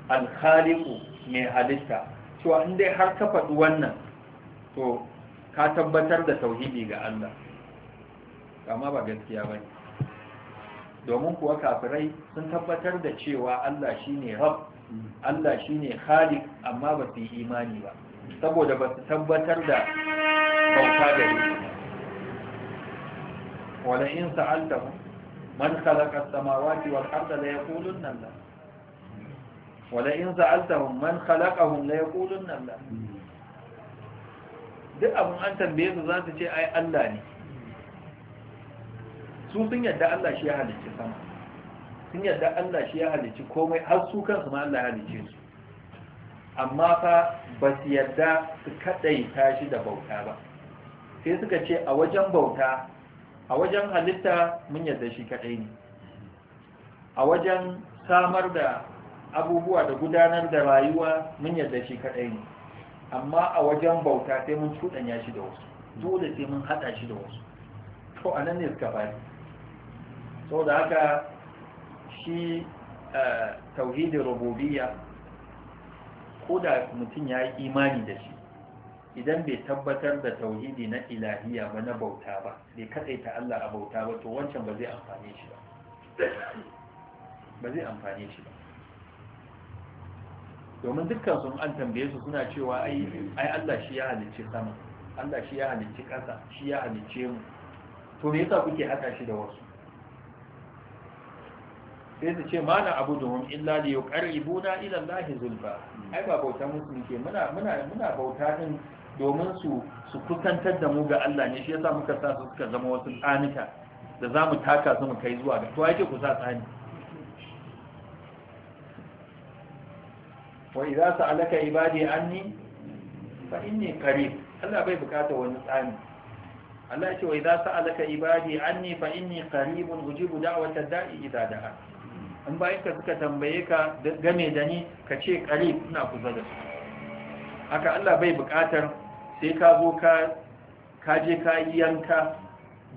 alkhaliku mai halitta cewa in dai har ka faɗi wannan to ka tabbatar da tauhidi ga Allah amma ba gaskiya ba ne domin kuwa kafirai sun tabbatar da cewa Allah shine Rab, Allah shine Khaliq amma ba su yi imani ba saboda ba su tabbatar da bauta da yi wala in sa'altahum man khalaqa wa samawati da ya la nan da wala in sa'altahum man ya la nan da duk abin an tambaye su za su ce ai Allah ne su sun yadda Allah shi ya halicci sama sun yadda Allah shi ya halicci komai har su kansu ma Allah ya halicce su amma fa ba su yadda su kadaita shi da bauta ba sai suka ce a wajen bauta a wajen halitta mun yadda shi kadai ne a wajen samar da abubuwa da gudanar da rayuwa mun yadda shi kadai ne amma a wajen bauta sai mun cuɗanya shi da wasu dole sai mun haɗa shi da wasu to anan ne suka faru saboda haka shi eh, tauhidin rububiyya ko da mutum ya yi imani da shi idan bai tabbatar da tauhidi na ilahiya ba na bauta ba bai katsaita Allah a bauta ba to wancan ba zai amfane shi ba ba zai amfane shi ba domin dukkan sun an tambaye su suna cewa ai Allah shi ya halicci sama Allah shi ya halicci ƙasa shi ya halicce mu to me yasa kuke haka shi da wasu sai su ce ma na abu domin illa da yau ƙarribuna ilan lahi zulfa ai ba bauta musu muke muna bauta din domin su su kusantar da mu ga Allah ne shi ya sa muka sa su suka zama wasu tsanika da za mu taka su mu kai zuwa ga to ake ku sa tsani wa idza sa'alaka ibadi anni fa inni qarib Allah bai bukata wani tsani Allah ya ce wa idza sa'alaka ibadi anni fa inni qaribun ujibu da'watad da'i idza da'a in bayan ka suka tambaye ka game da ni ka ce ƙari suna kusa da su haka Allah bai buƙatar sai ka zo ka je ka yi yanka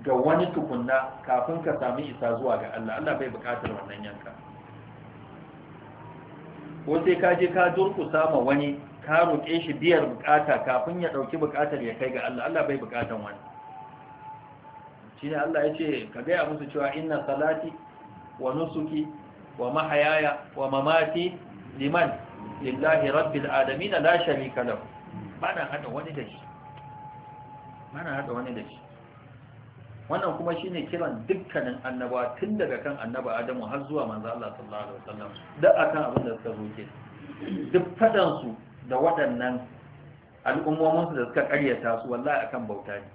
ga wani tukunna kafin ka sami isa zuwa ga Allah Allah bai buƙatar wannan yanka ko sai ka je ka durkusa ma wani ka roƙe shi biyar buƙata kafin ya ɗauki buƙatar ya kai ga Allah Allah bai buƙatar wani ne Allah ya ce ka gaya musu cewa inna salati wa nusuki wa mahayaya wa mamati liman lillahi rabbil alamin la sharika lahu bana hada wani da shi bana shi wannan kuma shine kiran dukkanin annaba tun daga kan annaba Adamu har zuwa manzo Allah sallallahu alaihi wasallam duk akan abin da suka zo duk fadan su da waɗannan al'ummomin su da suka ƙaryata su wallahi akan bauta ne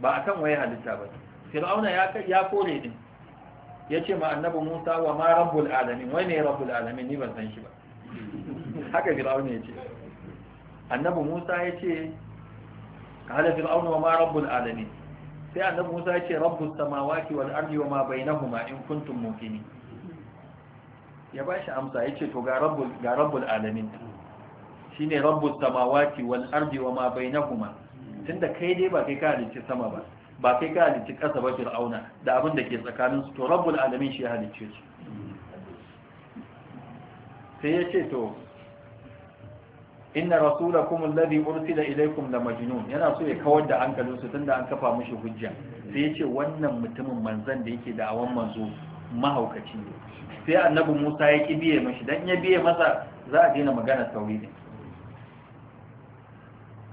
ba akan waye halitta ba Fir'auna ya ya kore din ya ce ma annabi musa wa ma rabbul alamin wai ne rabbul alamin ni ban san shi ba haka fir'auna ya ce annabi musa ya ce kala fir'auna wa ma rabbul alamin sai annabi musa ya ce rabbus samawati wal ardi wa ma bainahuma in kuntum muqinin ya ba shi amsa ya ce to ga rabbul alamin shi ne rabbul samawati wal ardi wa ma bainahuma tunda kai dai ba kai ka halicci sama ba ba kai ka halicci ƙasa ba fir'auna da abin da ke tsakanin su to rabbul alamin shi ya halicce su sai ya ce to inna rasulakum alladhi ursila ilaykum la majnun yana so ya kawar da hankalin su tunda an kafa mushi hujja sai ya ce wannan mutumin manzon da yake da awan manzo mahaukaci ne sai annabi Musa ya ki biye mashi dan ya biye masa za a daina magana tauhidi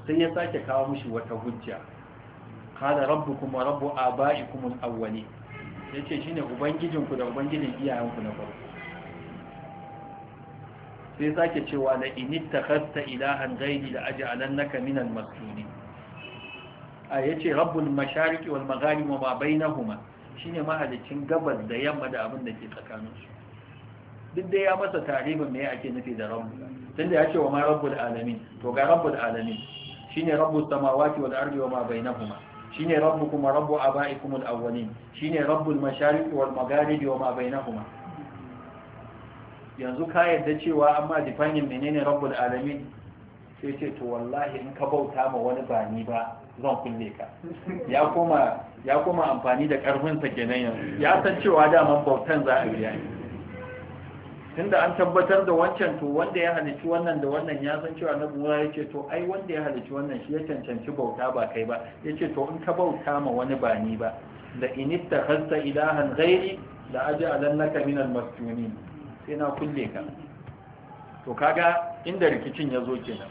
sai ya sake kawo mushi wata hujja Kada qala rabbukum wa rabbu abaikum al-awwali yace shine ubangijinku da ubangijin iyayenku na farko sai sake cewa la inittakhatta ilahan ghairi la aj'alannaka min al-maskini a yace rabbul mashariqi wal bai na huma, shi ne mahalicin gabas da yamma da abin da ke tsakaninsu duk da ya masa tarihin me ake nufi da tun da ya ce wa ma da alamin to ga da alamin shine rabbus samawati wal ardi wa ma bai na huma. shine rabbu kuma rabbu abaikum al-awwalin shine rabbu mashariq wal magharib wa ma kuma yanzu ka yadda cewa amma difanin menene rabbul alamin sai ce to wallahi in ka bauta ma wani ba ni ba zan kulle ka ya koma amfani da karfinsa sa yanzu ya san cewa dama bautan za a biya ni tunda an tabbatar da wancan to wanda ya halici wannan da wannan ya san cewa na buwa ya ce to ai wanda ya halici wannan shi ya cancanci bauta ba kai ba ya ce to in ka bauta ma wani ba ni ba da inita hasta ilahan gairi da aji alannaka min almastuni sai na kulle ka to kaga inda rikicin ya zo kenan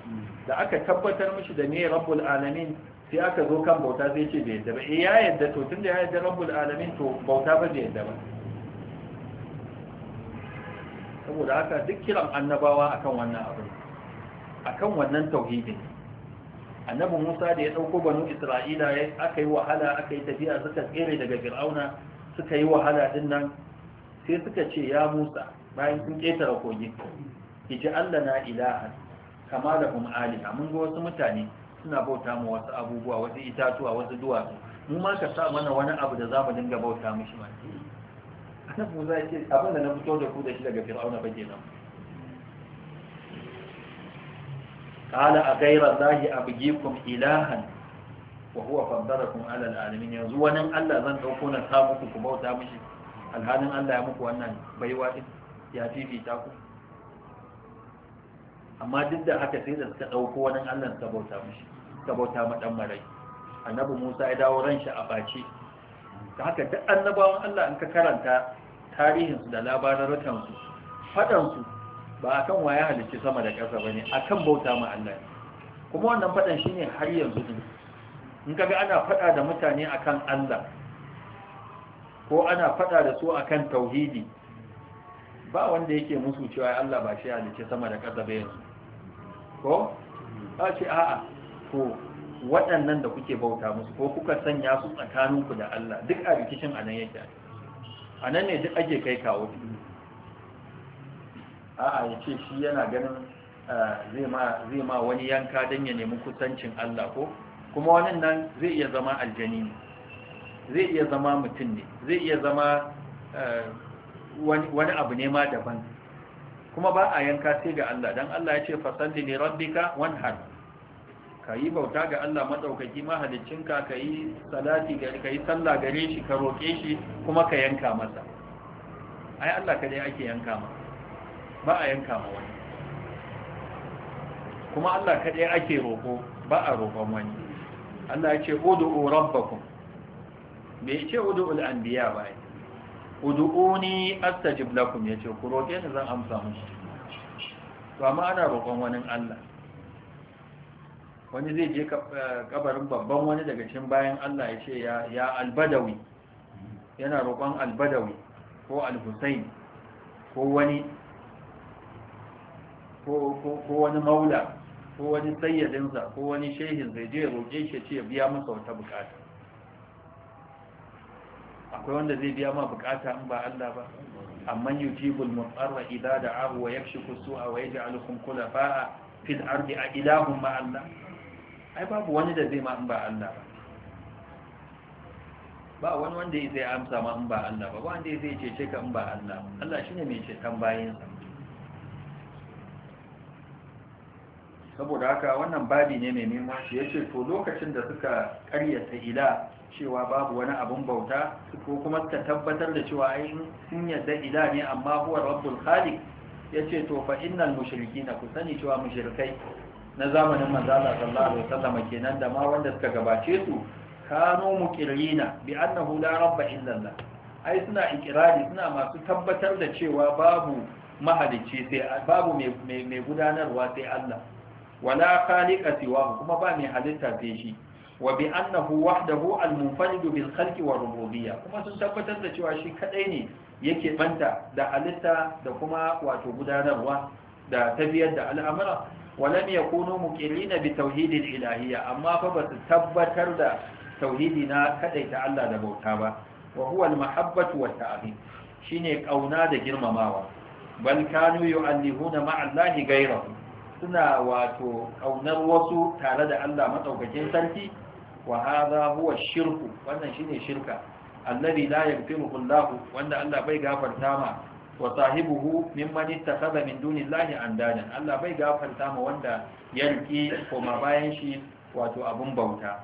da aka tabbatar mishi da ne rabbul alamin sai aka zo kan bauta zai ce bai yadda ba eh ya yadda to tunda ya yadda rabbul alamin to bauta ba zai yadda ba saboda haka duk kiran annabawa akan wannan abin akan wannan tauhidin annabi Musa da ya dauko banu Isra'ila ya aka yi wahala aka yi tafiya suka tsere daga Fir'auna suka yi wahala din nan sai suka ce ya Musa bayan sun ketara kogi ji Allah na ilaha kama da kuma aliha mun ga wasu mutane suna bauta mu wasu abubuwa wasu itatuwa wasu duwatsu mu ma ka sa mana wani abu da zamu dinga bauta mishi ma annabi Musa ya ce abin da na fito da ku da shi daga Fir'auna ba kenan قال أغير الله أبجيكم إلها وهو فضلكم على العالمين yanzu wani Allah zan dauko na sa muku ku bauta mishi alhalin Allah ya muku wannan baiwa din ya fifita ku amma duk da haka sai da suka dauko wani Allah ta bauta mishi ta bauta marai annabi Musa ya dawo ran shi a bace ta haka duk annabawan Allah in ka karanta Tarihin su da labararrukansu faɗansu ba a kan waye halicci sama da ƙasa ba ne a kan bauta ma Allah kuma wannan faɗan shi ne har yanzu ɗin in kaga ana faɗa da mutane a kan Allah ko ana faɗa da su a kan tauhidi ba wanda yake musu cewa Allah ba shi halicci sama da ƙasa ba yanzu ko a ce a'a ko waɗannan da kuke bauta musu ko kuka sanya su tsakaninku da Allah duk a rikicin a nan yake a nan ne duk ake kai kawo a'a ya ce shi yana ganin eh, zai ma wani yanka don ya nemi kusancin Allah ko kuma wani nan zai iya zama aljani ne zai iya zama mutum ne zai iya zama eh, wani abu ne ma daban kuma ba a yanka sai ga Allah don Allah ya ce fasalli ne rabbika wanhar ka yi bauta ga Allah maɗaukaki mahalicinka ka yi salati ka yi sallah gare shi ka roƙe shi kuma ka yanka masa ai Allah ka dai ake yanka ma ba a yanka ma wani kuma Allah ka dai ake roƙo ba a roƙon wani Allah ya ce udu'u rabbakum me ce udu'ul anbiya ba ai udu'uni astajib lakum yace ku roƙe ni zan amsa muku to amma ana roƙon wani Allah wani zai je eh, kabarin babban wani daga cikin bayan Allah ya ce ya albadawi yana roƙon albadawi ko alhussein ko wani ko wani maula ko wani sayyadinsa ko wani shehin zai je roƙe shi ce biya masa wata bukata akwai wanda zai biya ma bukata in ba Allah ba amma yujibul mutarra idza da'ahu wa yakshifu su'a wa yaj'alukum khulafa'a fil ardi a ilahum ma Allah ai babu wani da zai ma in ba Allah ba ba wani wanda zai amsa ma in ba Allah ba wanda zai cece ka in ba Allah Allah shi ne mai ceton bayinsa saboda haka wannan babi ne mai ya yace to lokacin da suka karyata ila cewa babu wani abun bauta ko kuma suka tabbatar da cewa ai sun yadda ila ne amma huwa rabbul khaliq yace to fa innal mushrikin ku sani cewa mushrikai na zamanin manzala sallallahu alaihi wasallam kenan da ma wanda suka gabace su kanu muqirrina bi annahu la rabba illa Allah ai suna ikirari suna masu tabbatar da cewa babu mahalicci sai babu mai gudanarwa sai Allah wala khaliqa siwa kuma ba mai halitta sai shi wa bi annahu wahdahu al-munfarid bil khalqi wa rububiyya kuma sun tabbatar da cewa shi kadai ne yake banta da halitta da kuma wato gudanarwa da tafiyar da al'amura walam yakunu muqillina bi tauhidil ilahiyya amma fa ba su tabbatar da tauhidi na ta Allah da bauta ba wa huwa al-mahabbatu wa shine kauna da girmamawa bal kanu yu'allihuna ma'a Allah ghayrahu suna wato ƙaunar wasu tare da Allah madaukakin sarki wa huwa shirku wannan shine shirka alladhi la mu Allah wanda Allah bai gafarta ma wa sahibuhu mimman ittakhadha min duni llahi andada. Allah bai gafarta ma wanda ya riki koma bayan shi wato abun bauta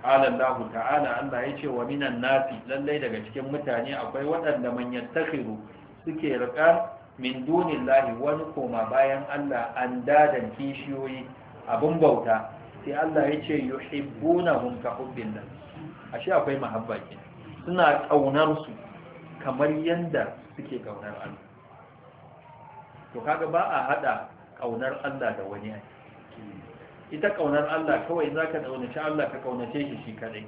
qala Allah ta'ala Allah yace wa minan nasi lallai daga cikin mutane akwai waɗanda man yattakhiru suke rika min duni dunillahi wani koma bayan Allah andadan kishiyoyi abun bauta sai Allah yace yuhibbunahum ka hubbillah ashe akwai mahabba suna kaunar su kamar yanda suke kaunar Allah to kaga ba a hada kaunar Allah da wani ita kaunar Allah kawai za ka daunace Allah ka kaunace shi shi kadai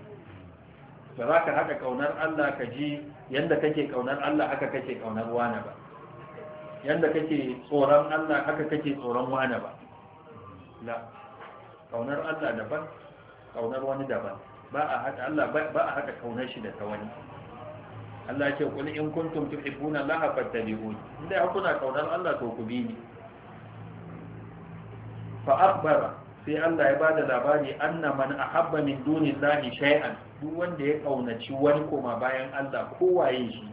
ba za ka haka kaunar Allah ka ji yadda kake kaunar Allah haka kake kaunar wani ba yadda kake tsoron Allah haka kake tsoron wani ba la kaunar Allah daban kaunar wani daban ba a hada Allah ba a hada kaunar shi da ta wani Allah ya ce kul in kuntum tuhibbuna Allah fattabi'un inda ya kuna kaunar Allah to ku bi ni fa akbara sai Allah ya bada labari anna man ahabba min dunillahi shay'an duk wanda ya kaunaci wani koma bayan Allah ko kowaye shi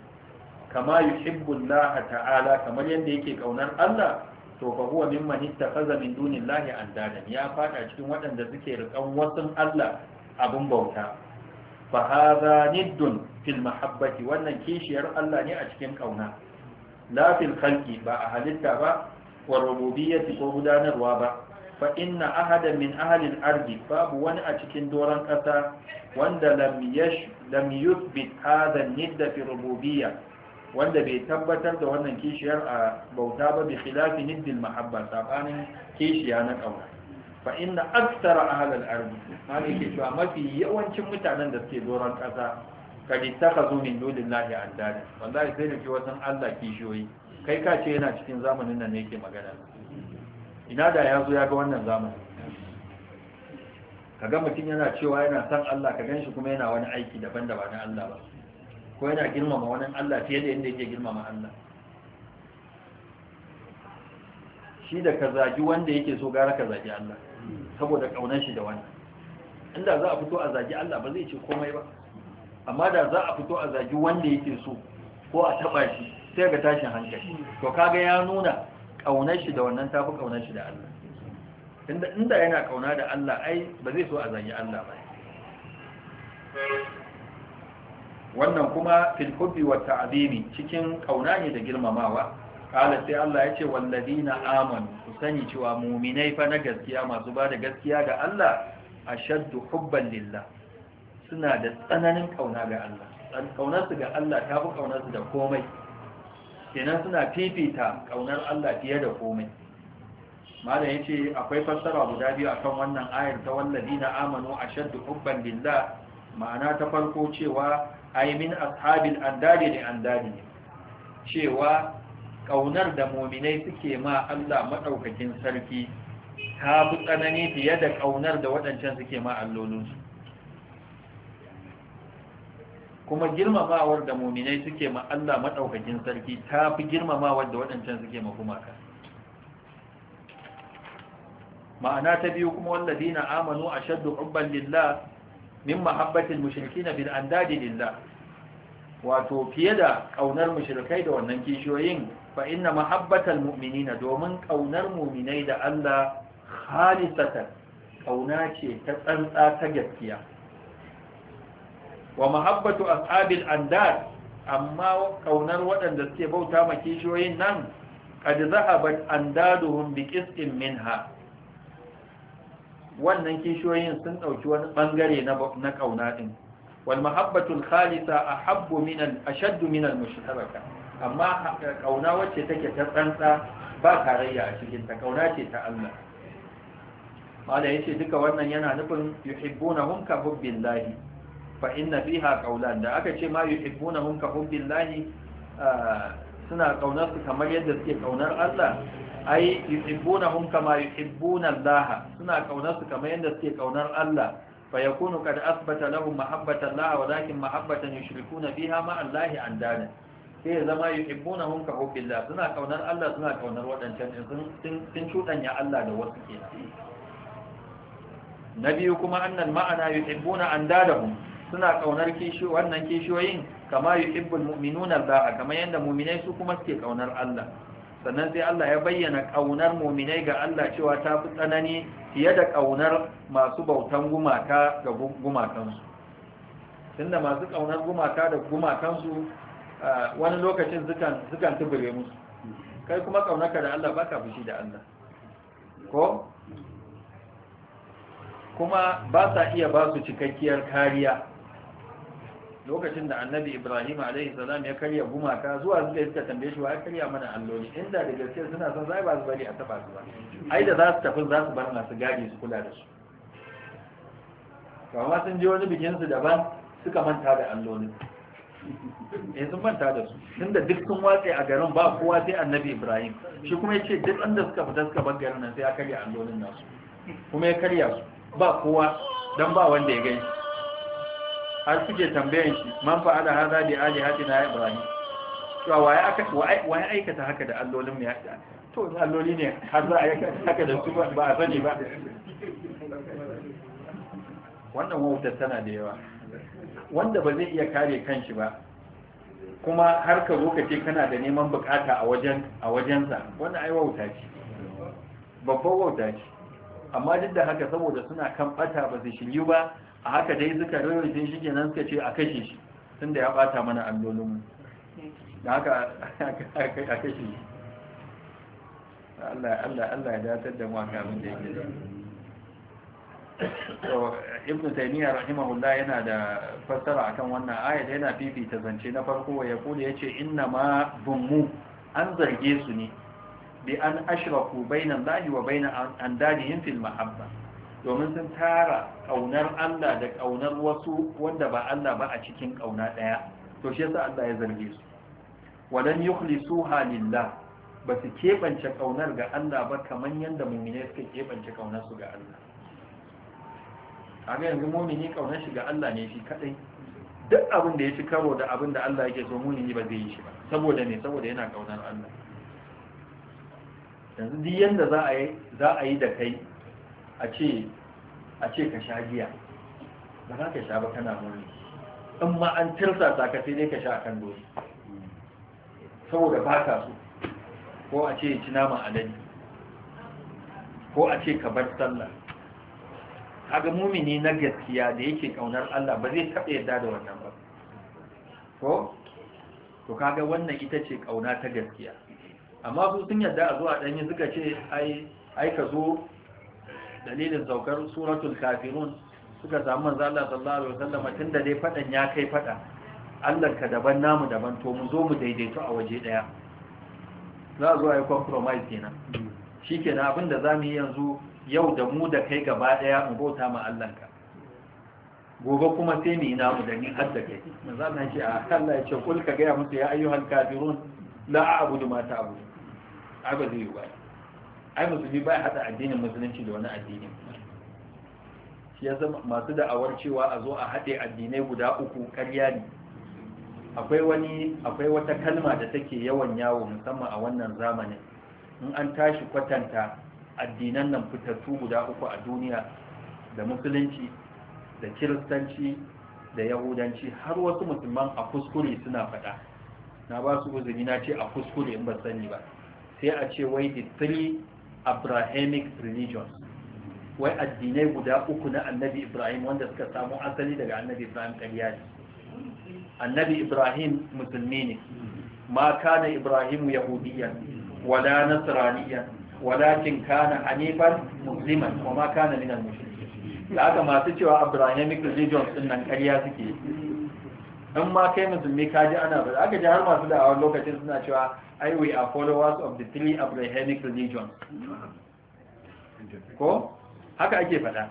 kama yuhibbu Allah ta'ala kamar yanda yake kaunar Allah to fa huwa mimman ittakhadha min Allah andadan ya fada cikin waɗanda suke rikan wasun Allah abun bauta fa hadha niddun fil mahabbati wannan kishiyar Allah ne a cikin kauna la fil khalqi ba a halitta ba wa rububiyyati ko gudanarwa ba fa inna ahadan min ahli al-ardi babu wani a cikin doran kasa wanda lam yash lam yuthbit hadha nidda fi rububiyya wanda bai tabbatar da wannan kishiyar a bauta ba bi khilafi niddil mahabba sabanin kishiya na kauna fa inna aktsara ahlal ardi malai ke cewa mafi yawancin mutanen da suke doron kasa kad kazo min dunillahi andada wallahi sai da ke wasan Allah kishiyoyi kai ka ce yana cikin zamanin nan ne yake magana ina da ya zo ya ga wannan zamanin kaga mutum yana cewa yana san Allah ka ganshi kuma yana wani aiki daban da ba na Allah ba ko yana girmama wani Allah fiye da yadda yake girmama Allah shi da ka zagi wanda yake so gara ka zagi Allah saboda kaunar shi da wani inda za a fito a zagi Allah ba zai ce komai ba amma da za a fito a zagi wanda yake so ko a taba shi sai ga tashin hankali to kaga ya nuna kaunar shi da wannan tafi kaunar shi da Allah inda inda yana kauna da Allah ai ba zai so a zagi Allah ba wannan kuma fil hubbi wa ta'zimi cikin kauna ne da girmamawa kala sai Allah ya ce na amanu ku sani cewa muminai fa na gaskiya masu ba da gaskiya ga Allah A shaddu hubban lillah suna da tsananin kauna ga Allah kaunarsu ga Allah ta fi kaunarsu da komai kenan suna fifita kaunar Allah fiye da komai ya ce akwai fassara guda biyu a kan wannan ayar ta na amanu shaddu hubban lillah ma'ana ta farko cewa ay min ashabil andadi da ne cewa ƙaunar da mominai suke ma Allah maɗaukakin sarki ta fi tsanani fiye da ƙaunar da waɗancan suke ma allolinsu kuma girmamawar da mominai suke ma Allah maɗaukakin sarki ta fi girmamawar da waɗancan suke ma gumaka ma'ana ta biyu kuma Wanda dina amanu a shaddu ƙubban lillah min mahabbatin mushriki na bil'andadi lillah wato fiye da ƙaunar mushrikai da wannan kishiyoyin fa inna mahabbatal mu'minina domin kaunar mu'minai da Allah khalisatan kauna ce ta tsantsa ta gaskiya wa mahabbatu ashabil andar amma kaunar waɗanda suke bauta ma kishiyoyin nan qad zahabat andaduhum biqis'in minha wannan kishiyoyin sun dauki wani bangare na na kauna din wal mahabbatul khalisa ahabbu min al ashaddu min al mushtaraka amma kauna wacce take ta tsantsa ba tarayya a cikin ta kauna ce ta Allah Allah yace duka wannan yana nufin yuhibbunahum ka hubbillahi fa inna fiha qawlan da aka ce ma yuhibbunahum ka hubbillahi suna kaunar su kamar yadda suke kaunar Allah ai yuhibbunahum kama yuhibbunallaha suna kaunar su kamar yadda suke kaunar Allah Fa فيكون asbata lahum mahabbatan محبة wa lakin mahabbatan yushrikuna fiha ma, Allah andana sai ya zama yi hibbuna hun ka hukun da suna kaunar Allah suna kaunar waɗancan sun cuɗanya Allah da wasu ke na biyu kuma annan ma'ana yi hibbuna an hun suna kaunar wannan kishiyoyin kama yi muminunar da a kama yadda muminai su kuma suke kaunar Allah sannan sai Allah ya bayyana kaunar muminai ga Allah cewa ta fi tsanani fiye da kaunar masu bautan gumaka ga gumakansu tunda masu kaunar gumaka da gumakansu Ah, wani lokacin zukan tubure musu kai kuma kaunaka da Allah baka fushi da Allah ko kuma ba sa iya ba su cikakkiyar kariya lokacin da annabi ibrahim alaihi salam ya karya gumaka zuwa zuwa suka tambaye shi wa ya karya mana alloli inda da gaske suna son zai ba su bari a taba su ba ai da za su tafi za su bar masu gadi su kula da su kama sun je wani bikin su daban suka manta da allolin yanzu manta da su inda duk sun watse a garin ba kowa sai annabi ibrahim shi kuma ya ce duk wanda suka fita suka bar garin nan sai ya karya allolin nasu kuma ya karya su ba kowa don ba wanda ya gani har suke tambayan shi man ala hadha bi alihatina ya ibrahim to waye aka waye aikata haka da allolin mu ya to alloli ne har za a yi haka da su ba a sani ba wannan wautar tana da yawa wanda ba zai iya kare kanshi ba kuma har ka lokaci kana da neman bukata a wajen a wajensa wannan ai wauta ce babban wauta ce amma duk da haka saboda suna kan bata ba su shiryu ba a haka dai suka rarrafe shi nan suka ce a kashe shi tunda ya bata mana allolinmu da haka a kashe shi Allah ya datar da mu a kamun da yake ibn taymiyyah rahimahullah yana da fassara akan wannan ayat yana fifita zance na farko ya kula yace inna ma bummu an zarge su ne bi an ashraku bainan lahi wa bainan andadihim fil mahabba domin sun tara kaunar Allah da kaunar wasu wanda ba Allah ba a cikin kauna daya to shi yasa Allah ya zarge su walan yukhlisuha lillah ba su kebance kaunar ga Allah ba kaman yanda mu'mine suka kebance kaunar su ga Allah kaga yanzu mumini kaunar shi ga Allah ne shi kadai duk abin da ya ci karo da abin da Allah yake so mumini ba zai yi shi ba saboda ne saboda yana kaunar Allah yanzu duk yanda za a yi za a yi da kai a ce a ce ka sha giya ba za ka sha ba kana murni in ma an tirsa ta ka sai dai ka sha akan dole. saboda ba ka so ko a ce ci naman alade ko a ce ka bar sallah kaga mumini na gaskiya da yake kaunar Allah ba zai taɓa yadda da wannan ba ko to kaga wannan ita ce kauna ta gaskiya amma su sun yadda a zuwa ɗanyi suka ce ai ka zo dalilin saukar suratul kafirun suka samu manzo Allah sallallahu alaihi wasallam tunda dai fadan ya kai fada Allah ka daban namu daban to mu zo mu daidaito a waje daya za a zo a yi compromise kenan mm. shikenan abinda zamu yi yanzu yau da mu da kai gaba daya mu bauta ma Allahnka gobe kuma sai mu ina mu da ni har da kai manzo na ce a Allah ya ce kul ah, ka ga musu ya ayyuhal kafirun la a'budu ma ta'budu ai ba zai yi ba ai musulmi ba hada addinin musulunci da wani addini shi zama masu da'awar cewa a zo a haɗe addinai guda uku ƙarya ne akwai wani akwai wata kalma da take yawan yawo musamman a wannan zamanin in an tashi kwatanta addinan nan fitattu guda uku a duniya da musulunci da kiristanci da yahudanci har wasu musulman a kuskure suna faɗa na ba su uzuri na ce a kuskure in ba sani ba sai a ce wai the three abrahamic religions wai addinai guda uku na annabi ibrahim wanda suka samu asali daga annabi ibrahim ƙarya ne annabi ibrahim musulmi ne ma kana ibrahimu yahudiyan wala nasraniyan walakin kana hanifan musliman kuma kana nan. da aka masu cewa abrahamic religions din nan suke in ma kai musulmi ka ji ana ba aka ji har masu da'awar lokacin suna cewa ai we are followers of the three abrahamic religions ko haka ake faɗa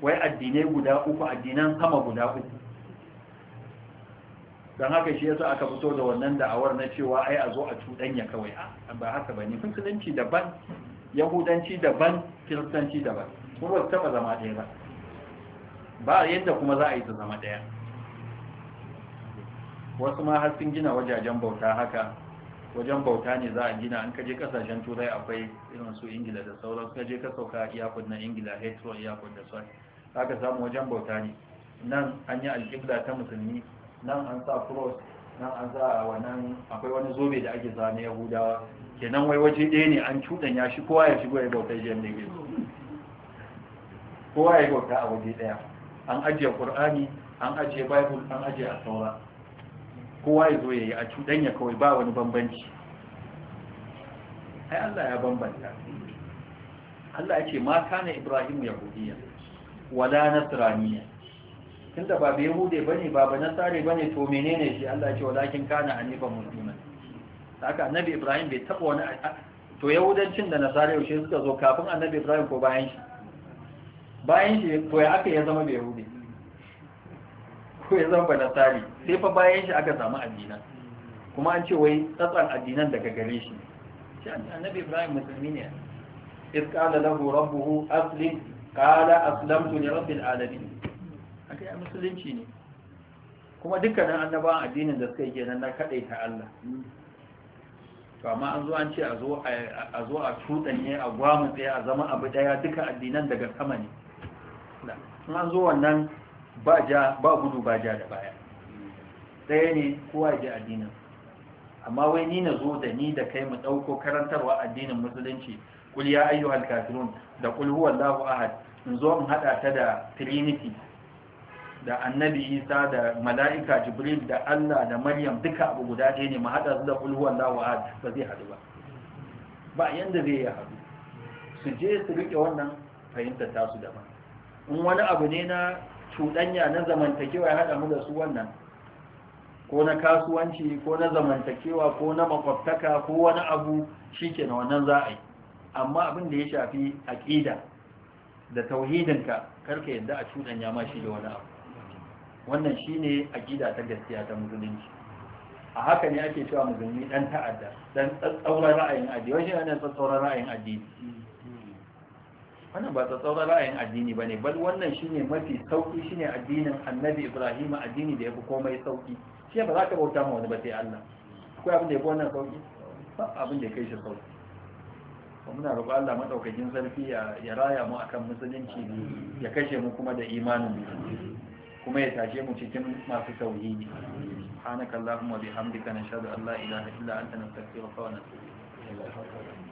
wai addinai guda uku addinan sama guda uku don haka shi yasa aka fito da wannan da'awar na cewa ai a zo a ya kawai ba haka ba ne musulunci daban yahudanci daban kiristanci daban kuma ba taɓa zama ɗaya ba ba yadda kuma za a yi ta zama ɗaya wasu ma har sun gina wajajen bauta haka wajen bauta ne za a gina an kaje kasashen turai akwai irin su ingila da sauran kaje ka sauka iyakun na ingila hetero iyakun da sauran ka samu wajen bauta ne nan an yi alƙibla ta musulmi nan an sa cross nan an sa wannan akwai wani zobe da ake zane yahudawa kenan wai waje ɗaya ne an cuɗanya shi kowa ya shigo ya bauta jiyan da ke kowa ya bauta a waje ɗaya an ajiye ƙur'ani an ajiye bible an ajiye a saura kowa ya zo ya yi a cuɗanya kawai ba wani bambanci ai Allah ya bambanta Allah ya ce ma kana Ibrahim yahudiya wala nasraniya tunda ba bai hude bane ba ba nasare bane to menene shi Allah ya ce walakin kana anifa mutuna haka annabi Ibrahim bai taba wani to yahudancin da nasara yaushe suka zo kafin annabi Ibrahim ko bayan shi bayan shi to ya aka ya zama bai hude? ko ya zama ba nasari sai fa bayan shi aka samu addinan? kuma an ce wai tsatsan addinan daga gare shi shi annabi Ibrahim musulmi ne iskala lahu rabbuhu aslim qala aslamtu li rabbil alamin aka yi musulunci ne kuma dukkanin annabawan addinin da suka yi kenan na kaɗai ta Allah to amma an zo an ce a zo a cuɗanye a gwamu tsaye a zama abu ɗaya duka addinan daga sama ne kuma an zo wannan ba ja ba gudu ba ja da baya ɗaya ne kowa ya ji addinin amma wai ni na zo da ni da kai mu ɗauko karantarwa addinin musulunci kul ya ayyuhal kafirun da kul huwallahu ahad in zo in hada ta da trinity da annabi isa da mala'ika jibril da allah da maryam duka abu guda ɗaya ne ma su da ƙulhuwan lawa'ad ba zai haɗu ba ba yadda zai yi haɗu su je su riƙe wannan fahimta tasu daban in wani abu ne na cuɗanya na zamantakewa ya haɗa mu da su wannan ko na kasuwanci ko na zamantakewa ko na makwabtaka ko wani abu shi ke na wannan za a yi amma abin da ya shafi aƙida da tauhidinka karka yadda a cuɗanya ma shi da wani abu wannan shine aƙida ta gaskiya ta musulunci a haka ne ake cewa musulmi dan ta'adda dan tsatsauran ra'ayin addini wani ne tsatsauran ra'ayin addini wannan ba tsatsauran ra'ayin addini ne? bal wannan shi ne mafi sauki ne addinin Annabi Ibrahim addini da ya fi komai sauki shi ba za ka bauta ma wani ba sai Allah akwai abin da ya fi wannan sauki ba abin da ya kai shi sauki muna roƙo Allah madaukakin sarki ya raya mu akan musulunci ya kashe mu kuma da imanin mu kuma ya tashe mu cikin masu tauhidi subhanakallahumma bihamdika nashhadu an la ilaha illa anta nastaghfiruka wa natubu ilayk